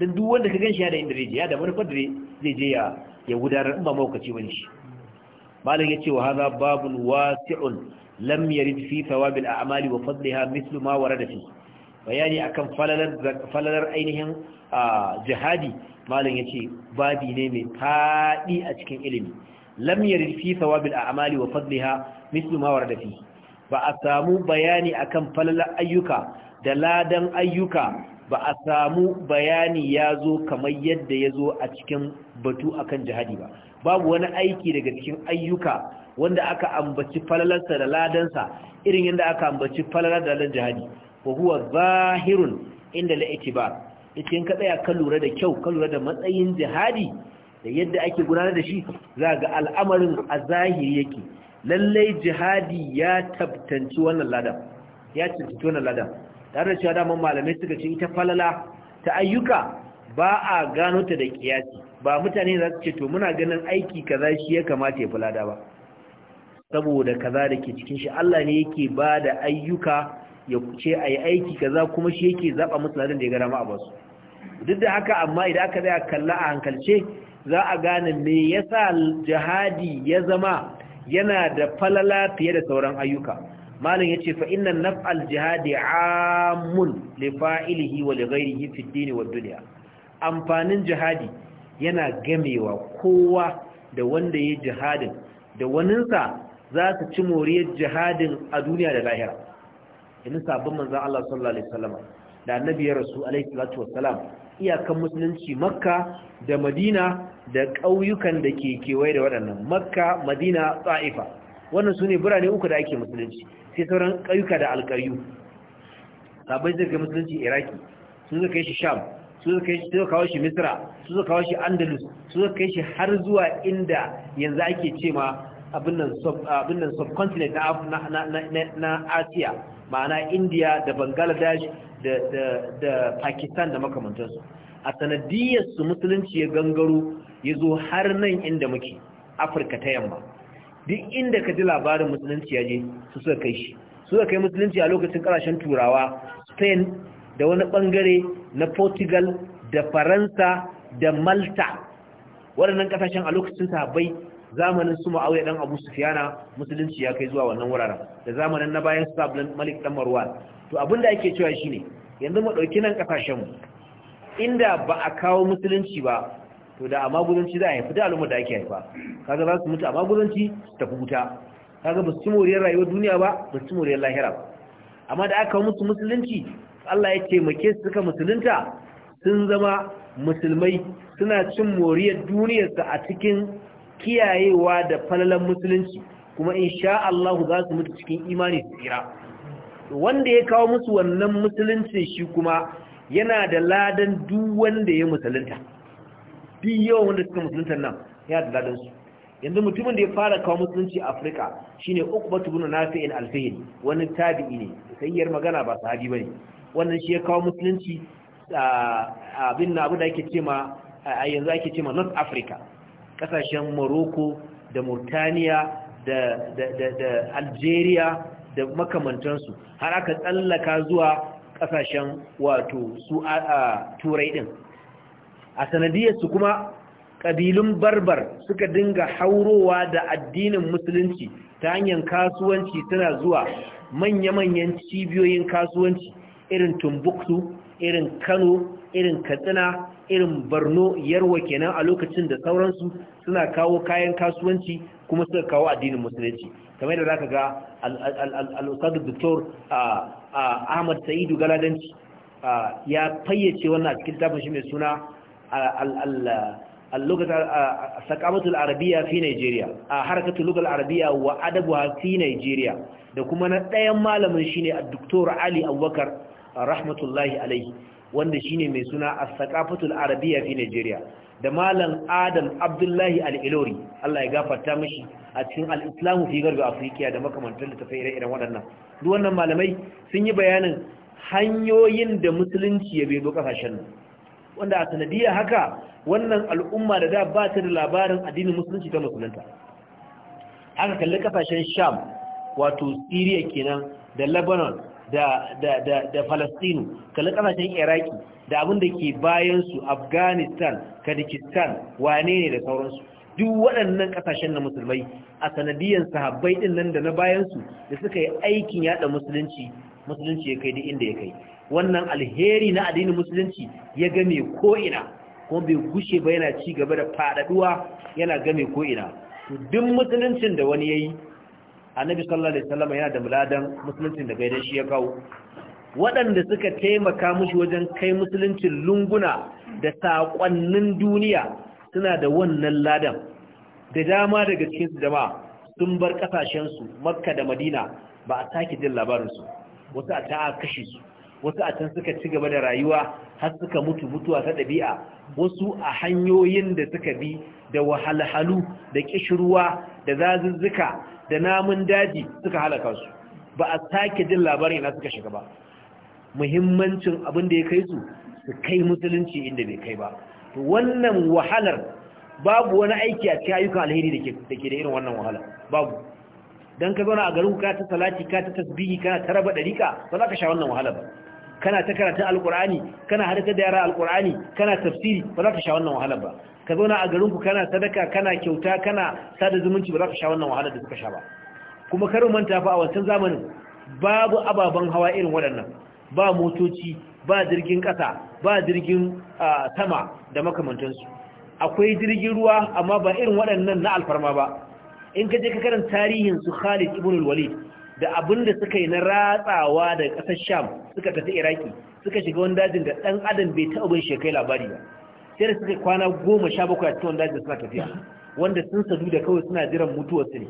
don duk wanda ka ganshi ya da inda zai je da manufar da zai je ya gudanar in ba maukaci wani shi malam ya ce wa haza babun wasi'un lam yarid fi thawabil a'mali wa fadliha mithlu ma warada fi bayani akan falalar ainihin jihadi malam yace babi ne mai fadi a cikin ilimi lam yarid fi thawabil a'mali wa fadliha mithlu ma warada fi ba a samu bayani akan falalar ayyuka da ladan ayyuka ba a samu bayani ya zo kamar yadda ya zo a cikin batu akan jihadi ba babu wani aiki daga cikin ayyuka wanda aka ambaci falalarsa da ladansa irin yadda aka ambaci falalar da ladan jihadi wa huwa zahirun inda la yace in ka tsaya ka lura da kyau ka lura da matsayin jihadi da yadda ake gudanar da shi za ga al'amarin a zahiri yake lallai jihadi ya tabtanci wannan ladan ya tabtanci wannan ladan tare da cewa daman malamai suka ce ita falala ta ayyuka ba a gano ta da kiyasi ba mutane za su ce to muna ganin aiki kaza shi ya kamata ya falada ba saboda kaza da ke cikin shi Allah ne yake ba da ayyuka ya ce a yi aiki kaza kuma shi yake zaɓa musu da ya gara ma'a basu duk da haka amma idan aka zai kalla a hankalce za a gane me yasa jihadi ya zama yana da falala fiye da sauran ayyuka malin yace fa innan naf'al jihadi amun li fa'ilihi wa li ghayrihi fi ad wa dunya amfanin jihadi yana gamewa kowa da wanda yayi jihadin da waninsa za su ci moriyar jihadin a duniya da lahira in sabon manzon Allah sallallahu alaihi wasallam da annabi ya rasu alaihi salatu wassalam iyakan musulunci makka da madina da ƙauyukan da ke kewaye da waɗannan makka madina tsa'ifa wannan su ne birane uku da ake musulunci sai sauran ƙauyuka da alƙaryu sabai zai kai musulunci iraki su zai kai shi sham su zai kawo shi misra su zai kawo shi andalus su zai kai shi har zuwa inda yanzu ake ce ma abin nan subcontinent na asiya ma'ana india da bangladesh da pakistan da makamantarsu a sanadiyarsu musulunci ya gangaro ya zo har nan inda muke afirka ta yamma duk inda ka ji labarin musulunci ya je su suka kai shi su suka kai musulunci a lokacin ƙasashen turawa spain da wani bangare na portugal da faransa da malta waɗannan ƙasashen a lokacin sahabbai zamanin su ma'auya ɗan abu sufiyana musulunci ya kai zuwa wannan wuraren da zamanin na bayan sablan malik ɗan maruwa to abin da ake cewa ne, yanzu mu ɗauki nan ƙasashenmu inda ba a kawo musulunci ba to da a maguzanci za a haifi da al'ummar da ake haifa kaga za su mutu a maguzanci su tafi wuta kaga ba su ci moriyar rayuwar duniya ba ba su ci moriyar lahira ba amma da aka musu musulunci Allah ya taimake su suka musulunta sun zama musulmai suna cin moriyar duniyarsa a cikin kiyayewa da falalan musulunci kuma insha Allah za su mutu cikin imani su tsira wanda ya kawo musu wannan musulunci shi kuma yana da ladan duk wanda ya musulunta duk yawan wanda suka musulunta nan yana da dadin su yanzu mutumin da ya fara kawo musulunci a Afirka shine Uqbatu ibn Nafi'in al wani tabi'i ne sayyar magana ba sahabi bane wannan shi ya kawo musulunci abin na abu da ake cema a yanzu ake ce ma North Africa kasashen Morocco da Mauritania da da da Algeria da makamantansu har aka tsallaka zuwa kasashen wato su a turai din a sanadiyarsu kuma ƙabilun barbar suka dinga haurowa da addinin musulunci ta hanyar kasuwanci tana zuwa manya-manyan cibiyoyin kasuwanci irin tumbuktu irin kano irin katsina irin borno yarwa kenan a lokacin da sauransu suna kawo kayan kasuwanci kuma suka kawo addinin musulunci kamar da zaka ga al'usadu doktor ahmad sa'idu galadanci ya fayyace wannan a cikin tafashi mai suna sakamatul arabiya fi nigeria a harkatu lugal arabiya wa adabuwa fi nigeria da kuma na ɗayan malamin ne a doktor ali abubakar rahmatullahi alaihi wanda ne mai suna a sakamatul arabiya fi nigeria da malam adam abdullahi al'ilori Allah ya gafarta mashi a cikin al'islamu fi garga afirka da makamantar da tafi ire-iren waɗannan duk wannan malamai sun yi bayanin hanyoyin da musulunci ya bezo ƙasashen nan wanda a sanadiyar haka wannan al'umma da da ba ta da labarin addinin musulunci ta musulunta haka kalli kasashen sham wato syria kenan da lebanon da da da da kalli kasashen iraki da abin da ke bayansu afghanistan kadikistan wane ne da sauransu duk waɗannan ƙasashen na musulmai a sanadiyar sahabbai ɗin nan da na bayansu da suka yi aikin yaɗa musulunci musulunci ya kai duk inda ya kai wannan alheri na addinin musulunci ya game ko'ina kuma bai gushe ba yana ci gaba da faɗaɗuwa yana game ko'ina to duk musuluncin da wani ya yi annabi sallallahu alaihi wasallam yana da muladan musuluncin da gaidan shi ya kawo waɗanda suka taimaka mushi wajen kai musuluncin lunguna da saƙonnin duniya suna da wannan ladan da dama daga cikin su jama'a sun bar ƙasashensu makka da madina ba a sake jin labarinsu wasu a ta'a kashe su wasu a can suka ci gaba da rayuwa har suka mutu mutuwa ta ɗabi'a wasu a hanyoyin da suka bi da wahalhalu da kishirwa da zazuzzuka da namun daji suka halaka su ba a sake jin labarin na suka shiga ba muhimmancin abin da ya kai su su kai musulunci inda bai kai ba wannan wahalar babu wani aiki a cikin ayyukan alheri da ke da irin wannan wahala babu don ka zauna a garin ka ta salati ka ta tasbihi ka ta raba dariƙa ba za ka sha wannan wahala ba kana ta karatun alkur'ani kana harkar da yara alkur'ani kana tafsiri ba za ka sha wannan wahalar ba ka zauna a garinku kana sadaka kana kyauta kana sada zumunci ba za ka sha wannan wahalar da suka sha ba kuma karin manta fa a wancan zamanin babu ababen hawa irin waɗannan ba motoci ba jirgin ƙasa ba jirgin sama da makamantansu akwai jirgin ruwa amma ba irin waɗannan na alfarma ba in ka je ka karanta tarihin su Khalid ibn al-Walid da abin da suka yi na ratsawa da ƙasar sham suka tafi iraki suka shiga wani dajin da ɗan adam bai taɓa bin shekai labari ba sai da suka kwana goma sha bakwai a cikin wani dajin suna tafiya wanda sun sadu da kawai suna jiran mutuwar su ne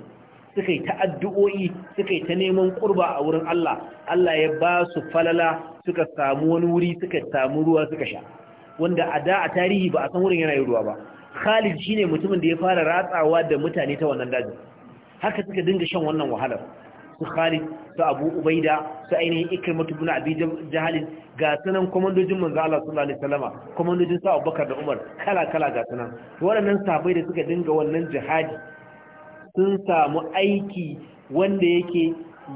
suka yi ta'addu'o'i suka yi ta neman ƙurba a wurin Allah Allah ya ba su falala suka samu wani wuri suka samu ruwa suka sha wanda a da a tarihi ba a san wurin yana yin ruwa ba Khalid shine mutumin da ya fara ratsawa da mutane ta wannan dajin haka suka dinga shan wannan wahalar su Khalid su Abu Ubaida su ainihin Ikrimah ibn Abi Jahl ga sanan komandojin manzo Allah sallallahu alaihi wasallama komandojin su Abubakar da Umar kala kala ga sanan waɗannan sahabbai da suka dinga wannan jihadi sun samu aiki wanda yake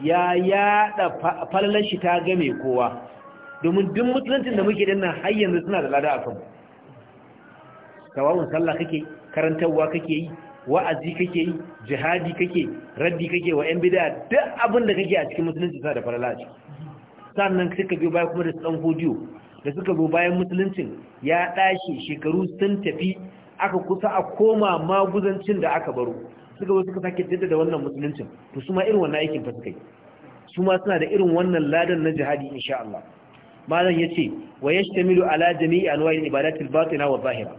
ya yada falalar shi ta game kowa domin duk musulunci da muke dinnan har yanzu suna da lada a kanmu tawawun sallah kake karantarwa kake yi wa'azi kake yi jihadi kake raddi kake wa yan bid'a duk abin da kake a cikin musulunci sa da farala sannan suka biyo baya kuma da dan hodiyo da suka biyo bayan musuluncin ya dashi shekaru sun tafi aka kusa a koma maguzancin da aka baro suka zo suka sake jaddada wannan musuluncin to su ma irin wannan aikin fa suka yi su ma suna da irin wannan ladan na jihadi insha Allah malam yace wa yashtamilu ala jami'i anwa'il ibadatil batina wa zahira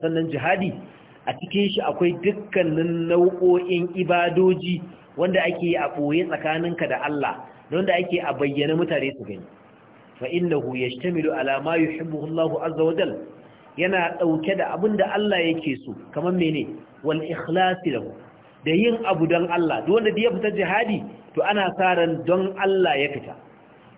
sannan jihadi a cikin shi akwai dukkanin nau'o'in ibadoji wanda ake a ɓoye tsakaninka da Allah don da ake a bayyana mutane su gani fa innahu yajtamilu ala ma yuhibbu Allahu azza wa jal yana dauke da da Allah yake so kamar mene wal ikhlas lahu da yin abu don Allah duk wanda ya fita jihadi to ana saran don Allah ya fita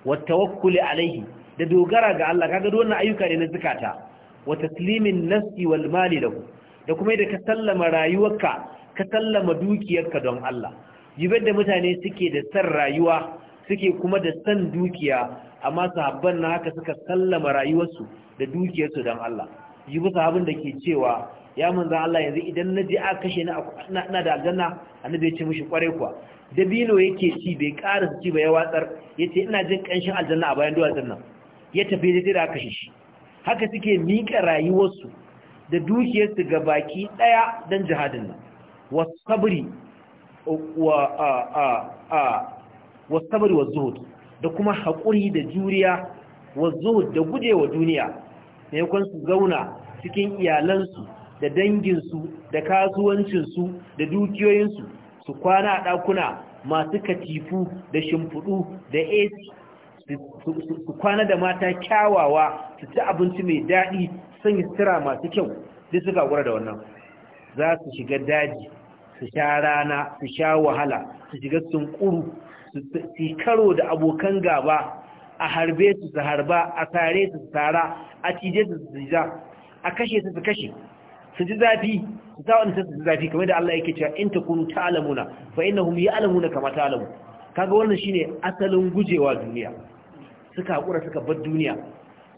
wat tawakkuli alaihi da dogara ga Allah kaga duk wannan ayyuka ne na zakata wa taslimin nafsi wal mali lahu da kuma yadda ka sallama rayuwarka ka sallama dukiyarka don Allah jibar da mutane suke da san rayuwa suke kuma da san dukiya amma sahabban na haka suka sallama rayuwarsu da dukiyarsu don Allah jibi sahabin da ke cewa ya manza Allah yanzu idan na je a kashe ni na da aljanna annabi ya ce mushi kware kuwa dabino yake ci bai ƙara ci ba ya watsar yace ina jin ƙanshin aljanna a bayan duwatsun nan ya tafi da da kashe shi haka suke miƙa rayuwarsu da dukiyarsu ga baki ɗaya don jihadin nan wasabri uh, wa uh, uh, zuhud da kuma haƙuri da juriya wa zuhud da gujewa duniya maimakon su zauna cikin iyalansu da danginsu da kasuwancinsu da dukiyoyinsu su kwana a ɗakuna masu katifu da shimfiɗu da ac su kwana da mata kyawawa su ci abinci mai daɗi yi sutura masu kyau duk suka gura da wannan za su shiga daji su sha rana su sha wahala su shiga ƙuru, su karo da abokan gaba a harbe su su harba a tare su su tara a cije su su ja a kashe su su kashe su ji zafi su ta wani su ji zafi kamar da Allah yake cewa in ta kunu alamuna fa innahum ya'lamuna kama alamu kaga wannan shine asalin gujewa duniya suka hakura suka bar duniya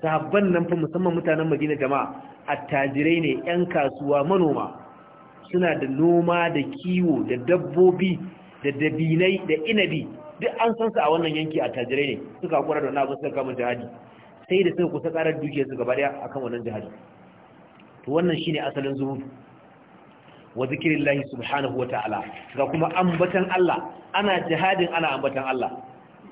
sahabban nan fa musamman mutanen madina jama'a attajirai ne yan kasuwa manoma suna da noma da kiwo da dabbobi da dabinai da inabi duk an san su a wannan yanki attajirai ne suka kura da wannan abu suka kama jihadi sai da suka kusa karar dukiyar su gaba daya akan wannan jihadi to wannan shine asalin zuhudu wa zikrillahi subhanahu wa ta'ala ga kuma ambatan Allah ana jihadin ana ambatan Allah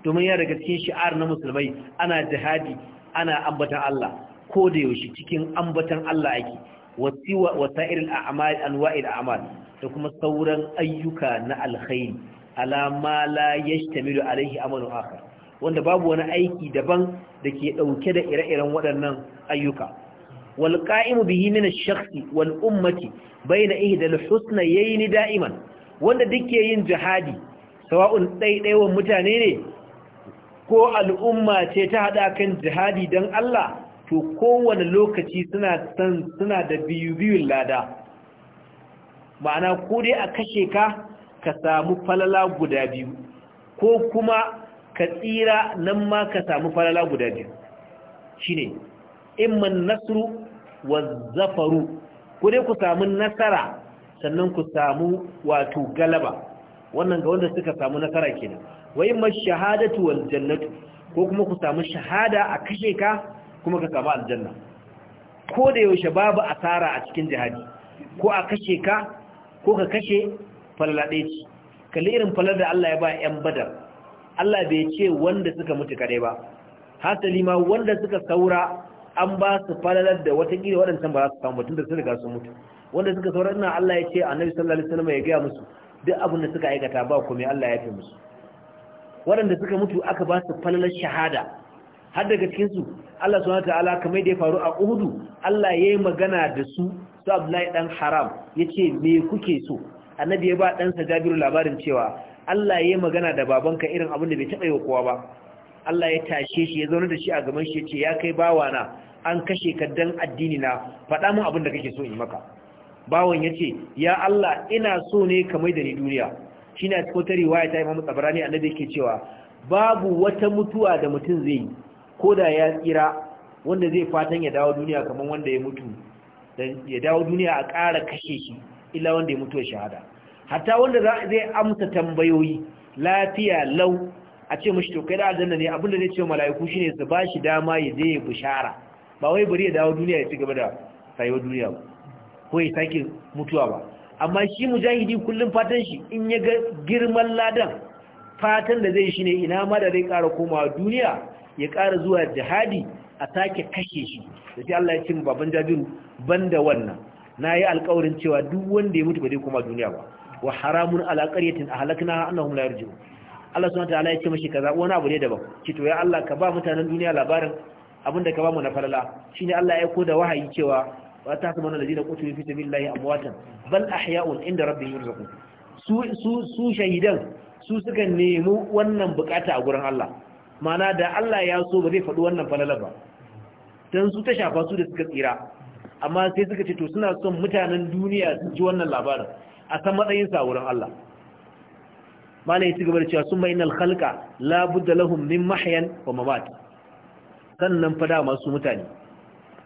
domin ya daga cikin shi'ar na musulmai ana jihadi ana ambatan Allah ko da yaushe cikin ambatan Allah ake wasiwa wasa'iril a'mal anwa'il a'mal da kuma sauran ayyuka na alkhairi alama la yashtamilu alaihi amalu akhar wanda babu wani aiki daban da ke dauke da ire-iren waɗannan ayyuka wal qa'imu bihi min ash-shakhsi wal ummati bayna ihda al-husnayn da'iman wanda duk yin jihadi sawa'un daidaiwan mutane ne ko al'umma ce ta haɗa kan jihadi don Allah to kowane lokaci suna da biyu-biyun lada ma'ana ko dai a kashe ka ka samu falala guda biyu ko kuma ka tsira nan ma ka samu falala guda biyu in imman Nasiru wa zafaru ko dai ku samu nasara sannan ku samu wato galaba wannan ga wanda suka samu nasara kenan wai ma shahadatu wal jannatu ko kuma ku samu shahada a kashe ka kuma ka samu aljanna ko da yaushe babu asara a cikin jihadi ko a kashe ka ko ka kashe fallade ci kalli irin fallar da Allah ya ba yan badar Allah bai ce wanda suka mutu kare ba hasali ma wanda suka saura an ba su falalar da watakila waɗanda ba za su samu mutum da su riga sun mutu wanda suka saura ina Allah ya ce annabi sallallahu alaihi wasallam ya gaya musu duk abin da suka aikata ba komai Allah ya fi musu waɗanda suka mutu aka ba su falalar shahada har daga cikinsu Allah subhanahu ta'ala kamar da ya faru a Uhudu Allah yayi magana da su su Abdullahi dan Haram yace me kuke so annabi ya ba ɗansa Jabiru labarin cewa Allah yayi magana da babanka irin abin da bai taɓa yi wa kowa ba Allah ya tashe shi ya zauna da shi a gaban shi ya ce ya kai bawa na. an kashe ka dan addini na faɗa min abin da kake so in maka bawan yace ya Allah ina so ne ka mai da ni duniya shine a cikin riwaya ta Imam tsabarani annabi yake cewa babu wata mutuwa da mutum zai yi da ya tsira wanda zai fatan ya dawo duniya kamar wanda ya mutu ya dawo duniya a ƙara kashe shi illa wanda ya mutu shahada hatta wanda zai amsa tambayoyi lafiya lau a ce mashi to kai da aljanna ne abinda zai ce mala'iku shine su ba shi dama ya je ya bishara ba wai bari ya dawo duniya ya ci gaba da rayuwar duniya ba ko ya sake mutuwa ba amma shi mujahidi kullum fatan shi in ya ga girman ladan fatan da zai shi ne ina ma da zai ƙara komawa duniya ya ƙara zuwa jihadi a sake kashe shi da shi Allah ya ce baban jabiru da wannan na yi alƙawarin cewa duk wanda ya mutu ba zai koma duniya ba wa haramun a qaryatin na annahum la yarji Allah subhanahu ta'ala ya ce mashi kaza wani abu ne daban ki to ya Allah ka ba mutanen duniya labarin abinda ka ba mu na falala shine Allah ya aiko da wahayi cewa ba ta kuma nan da kutu fi sabilillahi amwatan bal ahya'un inda rabbi yurzaqun su su su shahidan su suka nemi wannan bukata a gurin Allah mana da Allah ya so ba zai faɗi wannan falala ba dan su ta shafa su da suka tsira amma sai suka ce to suna son mutanen duniya su ji wannan labarin a san matsayin sa wurin Allah mala ya ci gaba da cewa sun mai inal khalqa la budda lahum min mahyan wa mamat sannan fa da masu mutane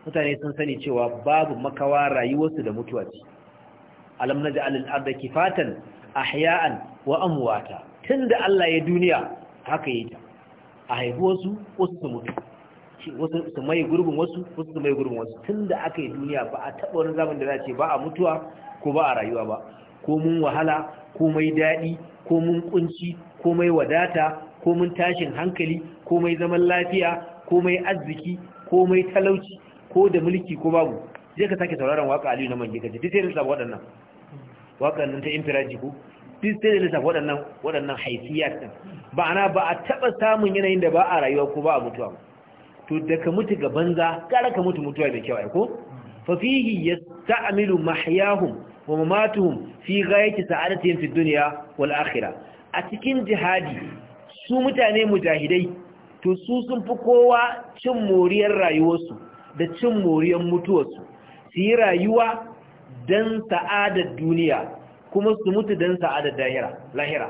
mutane sun sani cewa babu makawa rayuwarsu da mutuwa ce alam naj'al al-ardha kifatan ahya'an wa amwata tunda Allah ya duniya haka yake a haihuwarsu wasu su mutu wasu su mai gurbin wasu wasu su mai gurbin wasu tunda aka yi duniya ba a taɓa wani zaman da za ce ba a mutuwa ko ba a rayuwa ba ko mun wahala ko mai daɗi ko mun kunci ko mai wadata ko mun tashin hankali ko mai zaman lafiya ko mai arziki ko mai talauci ko da mulki ko babu zai ka sake sauraron waka aliyu na mange kaji duk sai waɗannan ta infiraji ko duk sai waɗannan waɗannan haifiya ɗin ba ana ba a taɓa samun yanayin da ba a rayuwa ko ba a mutuwa to da ka mutu ga banza kara ka mutu mutuwa mai kyau aiko fa fihi yasta'milu mahyahum wa mamatuhum fi ghayati sa'adatihim fi dunya wal akhirah a cikin jihadi su mutane mujahidai to su sun fi kowa cin moriyar rayuwarsu da cin moriyar mutuwarsu su yi rayuwa don sa'adar duniya kuma su mutu don sa'adar lahira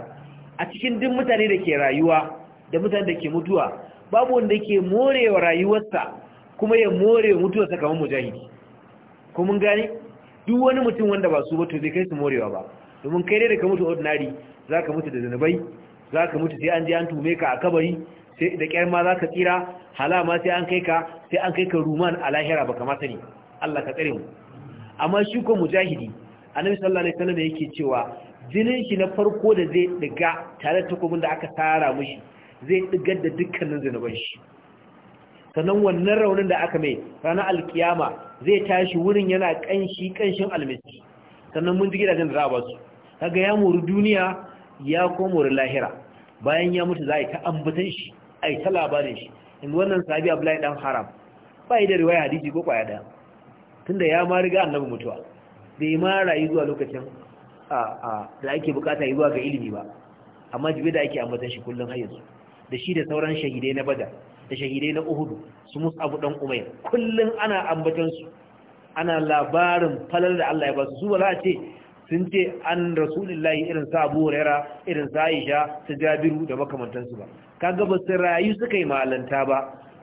a cikin duk mutane da ke rayuwa da mutane da ke mutuwa babu wanda ke morewa rayuwarsa kuma ya more mutuwarsa kamar mujahidi Kuma mun gane duk wani mutum wanda ba su mutu zai kai su morewa ba domin kai ne da ka mutu ordinary za ka mutu da zanubai za ka mutu sai an ji an tume ka a kabari sai da kyar ma za ka tsira hala ma sai an kai ka sai an kai ka ruman a lahira ba kamata ne Allah ka tsare mu amma shi ko mujahidi annabi sallallahu alaihi wasallam yake cewa jinin shi na farko da zai diga tare da takobin da aka tara mishi zai digar da dukkanin zanuban shi sannan wannan raunin da aka mai ranar alkiyama zai tashi wurin yana kanshi kanshin almisi sannan mun ji gidajen da za a ba su kaga ya mori duniya ya komori lahira bayan ya mutu za a yi ta ambatan shi ai ta labarin shi in wannan sahabi abdullahi dan haram ba yi da riwaya hadisi ko kwaya daya tunda ya ma riga annabi mutuwa bai ma rayu zuwa lokacin da ake bukata yi zuwa ga ilimi ba amma jibe da ake ambatan shi kullum har yanzu da shi da sauran shahidai na bada da shahidai na uhudu su musu abu dan umayya kullum ana ambatan su ana labarin falal da Allah ya ba su su ba ce sun ce an rasulullahi irin sa abu huraira irin sa aisha su jabiru da makamantansu ba kaga ba su rayu suka yi malanta ba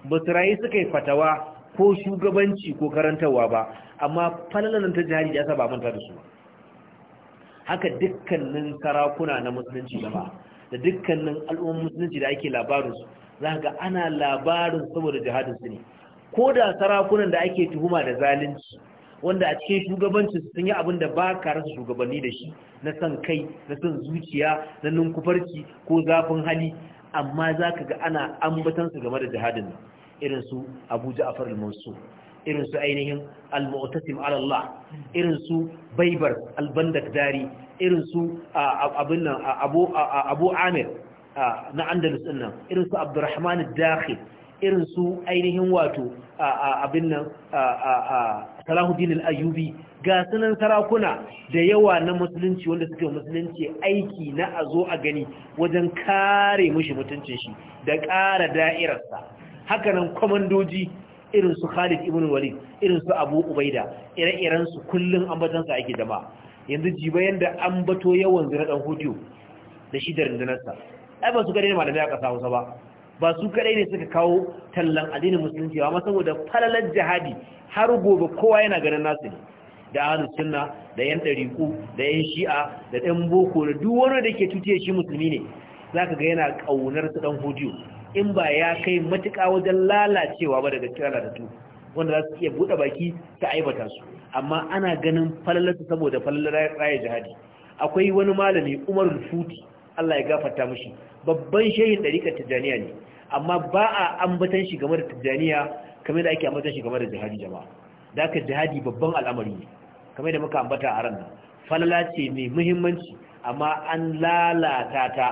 ba su rayu suka yi fatawa ko shugabanci ko karantarwa ba amma falalan ta jihari ya saba manta da su haka dukkanin sarakuna na musulunci ba da dukkanin al'ummar musulunci da ake labarin su za ga ana labarin saboda jihadin su ne ko da sarakunan da ake tuhuma da zalunci wanda a cikin shugabanci sun yi abin da ba ka rasa shugabanni da shi na san kai na san zuciya na ninkufarci ko zafin hali amma za ka ga ana ambatansu game da jihadin nan irin su abu ja'afar al-mansur irin su ainihin al-mu'tasim ala Allah irin su baibar al dari irin su abin nan abu abu amir na andalus din nan irin su abdurrahman ad-dakhil irin su ainihin wato abin nan salahuddin ayyubi ga sunan sarakuna da yawa na musulunci wanda suke musulunci aiki na a zo a gani wajen kare mushi mutuncin shi da ƙara da'irarsa hakanan kwamandoji irin su khalid ibn walid irin su abu ubaida ire-iren su kullum ambatansa ake dama yanzu jiba yanda ambato yawan zira dan hudu da shi da rundunarsa ai ba su gane malamai a ƙasa hausa ba ba su kadai ne suka kawo tallan addinin musulunci ba amma saboda falalar jihadi har gobe kowa yana ganin nasu ne da ahlus sunna da yan dariku da yan shi'a da dan boko da duk wani da ke tutiye shi musulmi ne zaka ga yana kaunar su dan hudiyo in ba ya kai matuƙa wajen lalacewa ba daga cikin lalatu wanda za su iya buɗe baki ta aibata su amma ana ganin falalar su saboda falalar raya jihadi akwai wani malami umar futi Allah ya gafarta mishi babban shehin ɗariƙar tijjaniya ne amma ba a ambatan shi game da tijjaniya kamar da ake ambatan shi game da jihadi jama'a da aka jihadi babban al'amari ne kamar da muka ambata a ran nan falala ce mai muhimmanci amma an lalata ta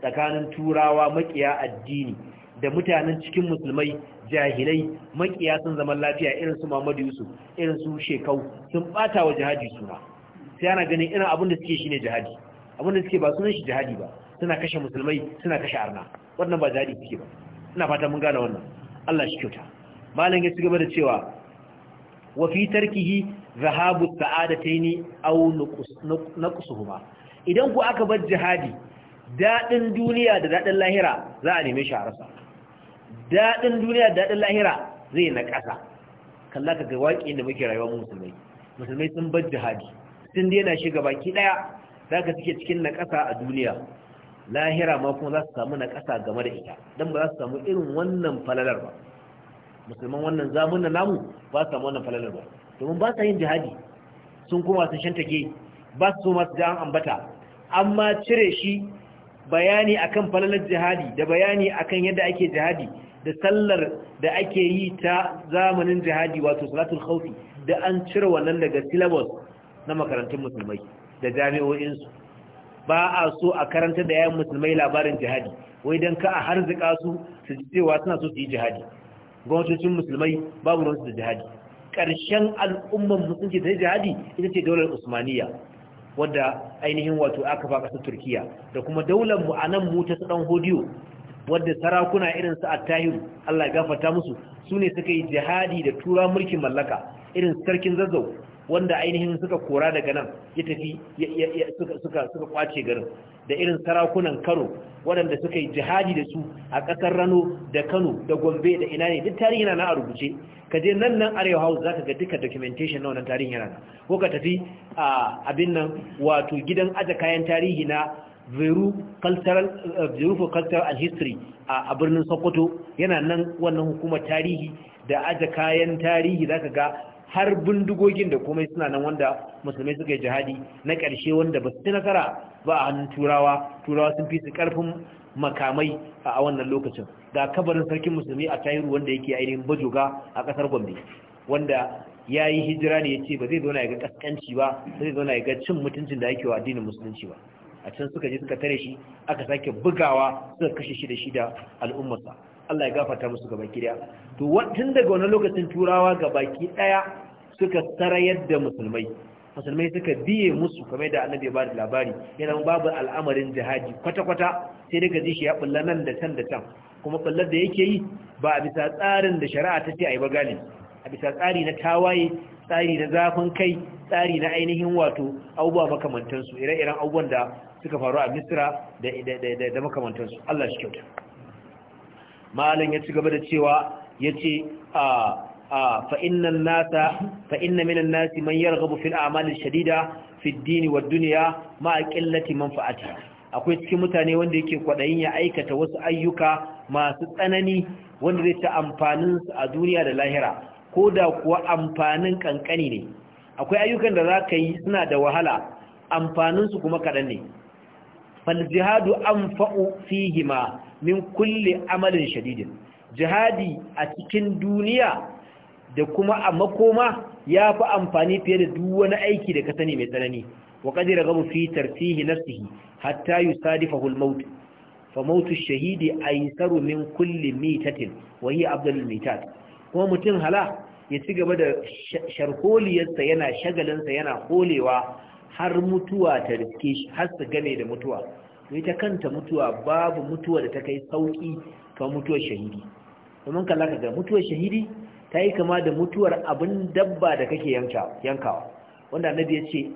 tsakanin turawa makiya addini da mutanen cikin musulmai jahilai makiya sun zama lafiya irin su Muhammadu Yusuf irin su Shekau sun bata wa jihadi suna sai ana ganin irin abin da suke shine jihadi abin da suke ba sunan shi jihadi ba suna kashe musulmai suna kashe arna wannan ba zaɗi ke ba ina fata mun gane wannan Allah shi kyauta malam ya ci gaba da cewa wa fi tarkihi zahabu sa'adataini aw naqsuhuma idan ku aka bar jihadi daɗin duniya da dadin lahira za a neme shi a rasa duniya da daɗin lahira zai na ƙasa kalla ka ga waƙi da muke rayuwa musulmai musulmai sun bar jihadi sun daina shi gaba ki daya zaka suke cikin na ƙasa a duniya lahira ma kuma za su samu na ƙasa game da ita don ba za su samu irin wannan falalar ba musulman wannan zamun na namu ba su samu wannan falalar ba domin ba su yin jihadi sun kuma sun shantake ba su so masu jihar ambata amma cire shi bayani akan falalar jihadi da bayani akan yadda ake jihadi da sallar da ake yi ta zamanin jihadi wato salatul khawfi da an cire wannan daga syllabus na makarantun musulmai da jami'o'insu ba a so a karanta da yayin musulmai labarin jihadi wai dan ka a harzika su su ji cewa suna so su yi jihadi gwamnatocin musulmai babu ruwansu da jihadi ƙarshen al'ummar musulunci ta jihadi ita ce daular Usmaniyya, wadda ainihin wato aka fa ƙasar turkiya da kuma daular mu a nan mu ta ɗan hodiyo wadda sarakuna irin su attahiru Allah ya gafarta musu su ne suka yi jihadi da tura mulkin mallaka irin sarkin zazzau wanda ainihin suka kora daga nan ya tafi suka kwace garin da irin sarakunan kano waɗanda suka yi jihadi da su a ƙasar rano da kano da gombe da ina ne duk tarihi na, na a rubuce ka je nan nan arewa house za ka ga duka documentation na wannan tarihi yana ko ka tafi a abin nan wato gidan aja kayan tarihi na veru cultural eh, cultural and history a birnin sokoto yana nan wannan hukumar tarihi da aja kayan tarihi za ka ga har bindigogin da komai suna nan wanda musulmai suka yi jihadi na ƙarshe wanda ba su ci nasara ba a hannun turawa turawa sun fi su ƙarfin makamai a wannan lokacin ga kabarin sarkin musulmi a tahiru wanda yake ainihin bajoga a ƙasar gombe wanda ya yi hijira ne ya ce ba zai zauna ya ga ƙasƙanci ba ba zai zauna ya ga cin mutuncin da ake wa addinin musulunci ba a can suka je suka tare shi aka sake bugawa suka kashe shi da shi da al'ummarsa Allah ya gafata musu gaba kiriya to tun daga wani lokacin turawa ga baki daya suka sarayar da musulmai musulmai suka biye musu kamar da annabi ya bada labari yana babu al'amarin jihadi kwata-kwata sai daga ji shi ya bulla nan da can da can kuma bullar da yake yi ba a bisa tsarin da shari'a ta ce a yi ba gane a bisa tsari na tawaye tsari na zafin kai tsari na ainihin wato abubuwa makamantansu ire-iren abubuwan da suka faru a misira da makamantansu Allah shi kyauta malam ya ci gaba da cewa ya ce, fa inna nasa minan nasi man gabu fil amalin shadida fi dini wa wa ma a ma man fa’ata akwai cikin mutane wanda yake kwaɗayin ya aikata wasu ayyuka masu tsanani wanda zai ta amfanin a duniya da lahira ko da kuwa amfanin kankani ne akwai ayyukan da za ka yi suna da wahala amfaninsu kuma kaɗan ne faljihadu an fa'u fihima min kulle amalin shadidin jihadi a cikin duniya da kuma a makoma ya fi amfani fiye da duk wani aiki da ka sani mai tsanani wa qadira gabu fi tartihi nafsihi hatta yusadifahu al fa mautu shahidi aysaru min kulli mitatin wa hiya afdalul mitat kuma mutum hala ya ci gaba da sharholiyarsa yana shagalinsa yana kolewa har mutuwa ta riske shi har su game da mutuwa to ita kanta mutuwa babu mutuwa da ta kai sauki ka mutuwar shahidi domin kalla ka ga mutuwar shahidi ta yi kama da mutuwar abin dabba da kake yankawa wanda annabi ya ce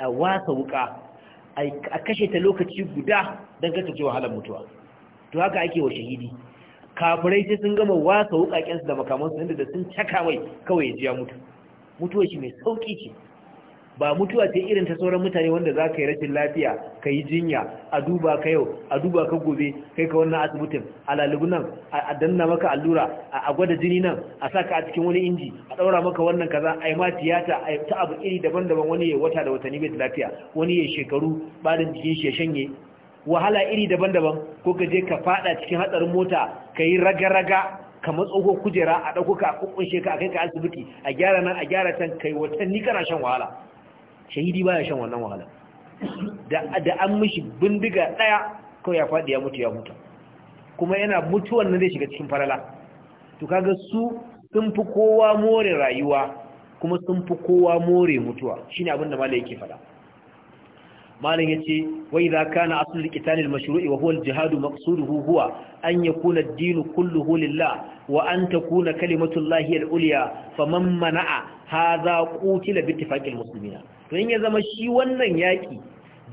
a wasa wuka a kashe ta lokaci guda don ka ce wahalar mutuwa to haka ake wa shahidi kafirai sai sun gama wasa wukakensu da makamansu inda da sun caka mai kawai ya mutu mutuwar shi mai sauki ce ba mutuwa ce irin ta sauran mutane wanda za ka yi rashin lafiya ka yi jinya a duba ka yau a duba ka gobe kai ka wannan asibitin a lalubu nan a danna maka allura a gwada jini nan a sa ka a cikin wani inji a ɗaura maka wannan kaza a yi ma tiyata a ta abu iri daban-daban wani ya wata da watanni bai lafiya wani ya shekaru ɓarin jikin shi ya shanye wahala iri daban-daban ko ka je ka faɗa cikin hatsarin mota ka yi raga-raga kamar tsoho kujera a ɗauko ka a kukkunshe ka a kai ka asibiti a gyara nan a gyara can kai watanni kana shan wahala shahidi ba ya shan wannan wahala da an mishi bindiga daya kawai ya faɗi ya mutu ya mutu, kuma yana mutuwan nan zai shiga cikin farala to kaga su sun fi kowa more rayuwa kuma sun fi kowa more mutuwa shine abin da malai yake faɗa malam yace wai za kana aslul qital mashru'i wa huwa al jihad maqsuduhu huwa an yakuna ad-din kulluhu lillah wa an takuna kalimatullahi llahi al ulya faman mana'a hadha qutila bi ittifaqi muslimina to in ya zama shi wannan yaki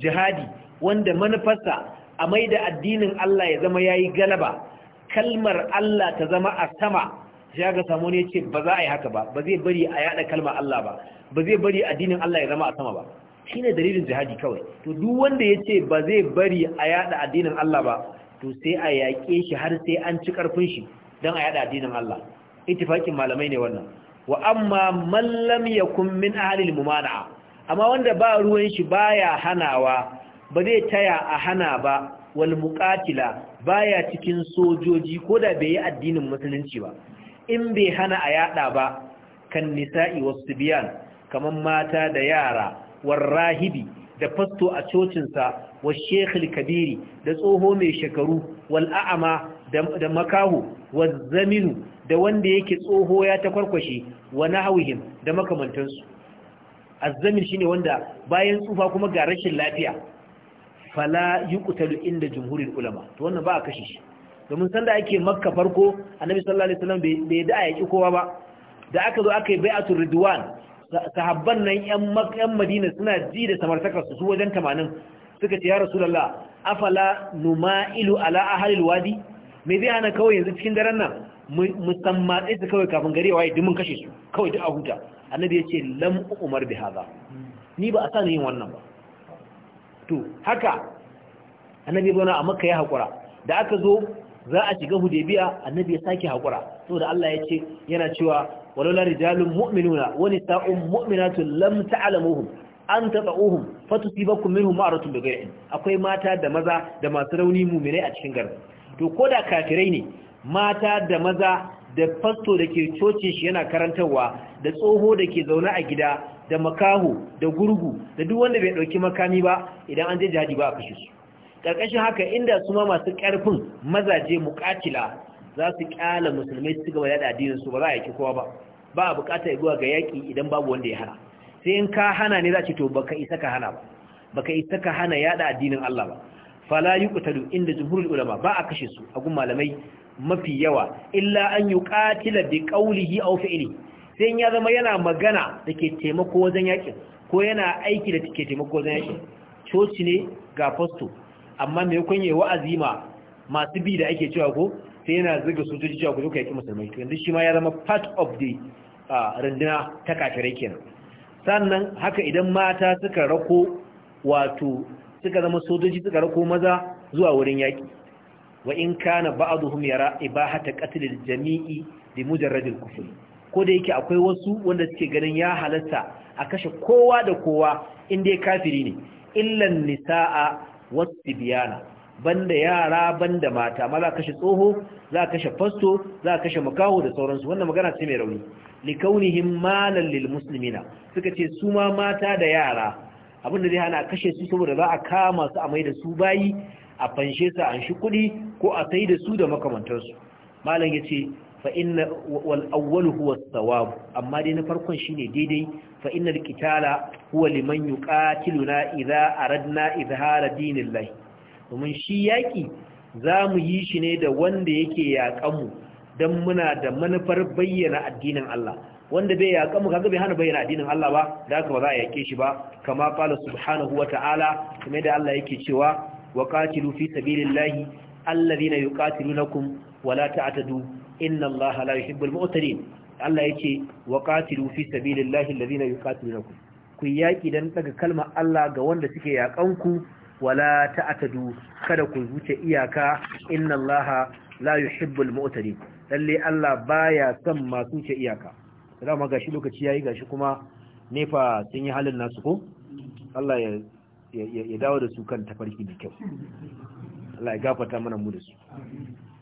jihadi wanda manufarsa a maida addinin Allah ya zama yayi galaba kalmar Allah ta zama a sama sai ga samu ne yace ba za a yi haka ba ba zai bari a yada kalmar Allah ba ba zai bari addinin Allah ya zama a sama ba Shi ne dalilin jihadi kawai to duk wanda ya ce ba zai bari a yada addinin Allah ba to sai a yaƙe shi har sai an ci karfin shi don a yada addinin Allah ittifaqin malamai ne wannan wa amma man lam yakun min ahli al-mumana'a amma wanda ba ruwan shi baya hanawa ba zai taya a hana ba wal muqatila baya cikin sojoji koda bai yi addinin musulunci ba in bai hana a yada ba kan nisa'i wasu biyan, kamar mata da yara warrahibi da fasto a cocinsa wa shekhul kabiri da tsoho mai shekaru wal'a'ama da makahu wa zaminu da wanda yake tsoho ya ta takwarkwashe wa nahawihim da makamantansu azzamin shine wanda bayan tsufa kuma ga rashin lafiya fala yuqtalu inda jumhurin ulama to wannan ba a kashe shi domin sanda ake makka farko annabi sallallahu alaihi wasallam bai da ya ki kowa ba da aka zo aka yi bai'atul ridwan sahabban nan yan madina suna ji da samartakar su wajen tamanin suka ce ya rasulallah afala numa'ilu ala ahalil wadi me zai hana kawai yanzu cikin daren nan musamman su kawai kafin gare waye dumin kashe su kawai duk a huta annabi ya ce lam umar bi haza ni ba a sa yin wannan ba to haka annabi zauna a makka ya haƙura da aka zo za a shiga hudebiya annabi ya sake haƙura saboda Allah ya ce yana cewa ولولا رجال مؤمنون ونساء مؤمنات لم تعلموهم an تطعوهم فتصيبكم منهم ma'aratun bighayrin akwai mata da maza da masu rauni mu'minai a cikin garin to koda kafirai ne mata da maza da fasto da ke coci shi yana karantarwa da tsoho da ke zaune a gida da makahu da gurgu da duk wanda bai dauki makami ba idan an je jihadi ba a kashe su karkashin haka inda su ma masu ƙarfin mazaje muƙatila. za su kyala musulmai su gaba yada addinin su ba za a yaki kowa ba ba a bukatar zuwa ga yaki idan babu wanda ya hana sai in ka hana ne za ce to baka isa ka hana ba baka isa ka hana yada addinin Allah ba fala yi yuqtalu inda jumhurul ulama ba a kashe su a gun malamai mafi yawa illa an yuqatila bi a aw fi'li sai in ya zama yana magana da ke taimako wajen yakin ko yana aiki da ke taimako wajen yakin coci ne ga fasto amma mai kun wa'azi ma masu bi da ake cewa ko sai yana zirga sojoji cewa ku zo ku yaki musulmai to yanzu shi ma ya zama part of the runduna ta kafirai kenan sannan haka idan mata suka rako wato suka zama sojoji suka rako maza zuwa wurin yaki wa in kana ba'dhum yara ibahata qatl al-jami'i bi mujarrad al-kufr ko da yake akwai wasu wanda suke ganin ya halatta a kashe kowa da kowa inda ya kafiri ne illan nisaa wasu biyana. banda yara banda mata ma za kashe tsoho za kashe fasto za kashe makaho da sauransu wannan magana ce mai rauni likaunihim malan lil muslimina suka ce su ma mata da yara abinda zai hana kashe su saboda za a kama su a mai da su bayi a fanshe su an shi kuɗi ko a sai da su da makamantarsu malam yace fa inna wal awwal huwa thawab amma dai na farkon shine daidai fa innal qitala huwa liman yuqatiluna idza aradna izhara dinillahi domin shi yaƙi za mu yi shi ne da wanda yake yaƙanmu don muna da manufar bayyana addinin Allah wanda bai yaƙanmu kaga bai hana bayyana addinin Allah ba da haka ba za a yaƙe shi ba kama qala subhanahu wata'ala kuma da Allah yake cewa wa qatilu fi sabilillahi alladhina yuqatilunakum wa la ta'tadu inna Allah la yuhibbul mu'tadin Allah yake wa qatilu fi sabilillahi alladhina yuqatilunakum ku yaƙi dan daga kalmar Allah ga wanda suke yaƙan ku. wala ta'tadu kada ku wuce iyaka inna allaha la yuhibbul mu'tadin lalle Allah baya son masu wuce iyaka da ma gashi lokaci yayi gashi kuma nefa sun yi halin nasu ko Allah ya ya dawo da su kan tafarki da kyau Allah ya gafata mana mu da su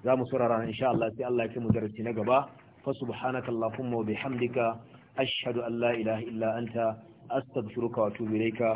za mu saurara insha Allah sai Allah ya kai mu darasi na gaba fa subhanaka allahumma wa bihamdika ashhadu an la ilaha illa anta astaghfiruka wa atubu ilayka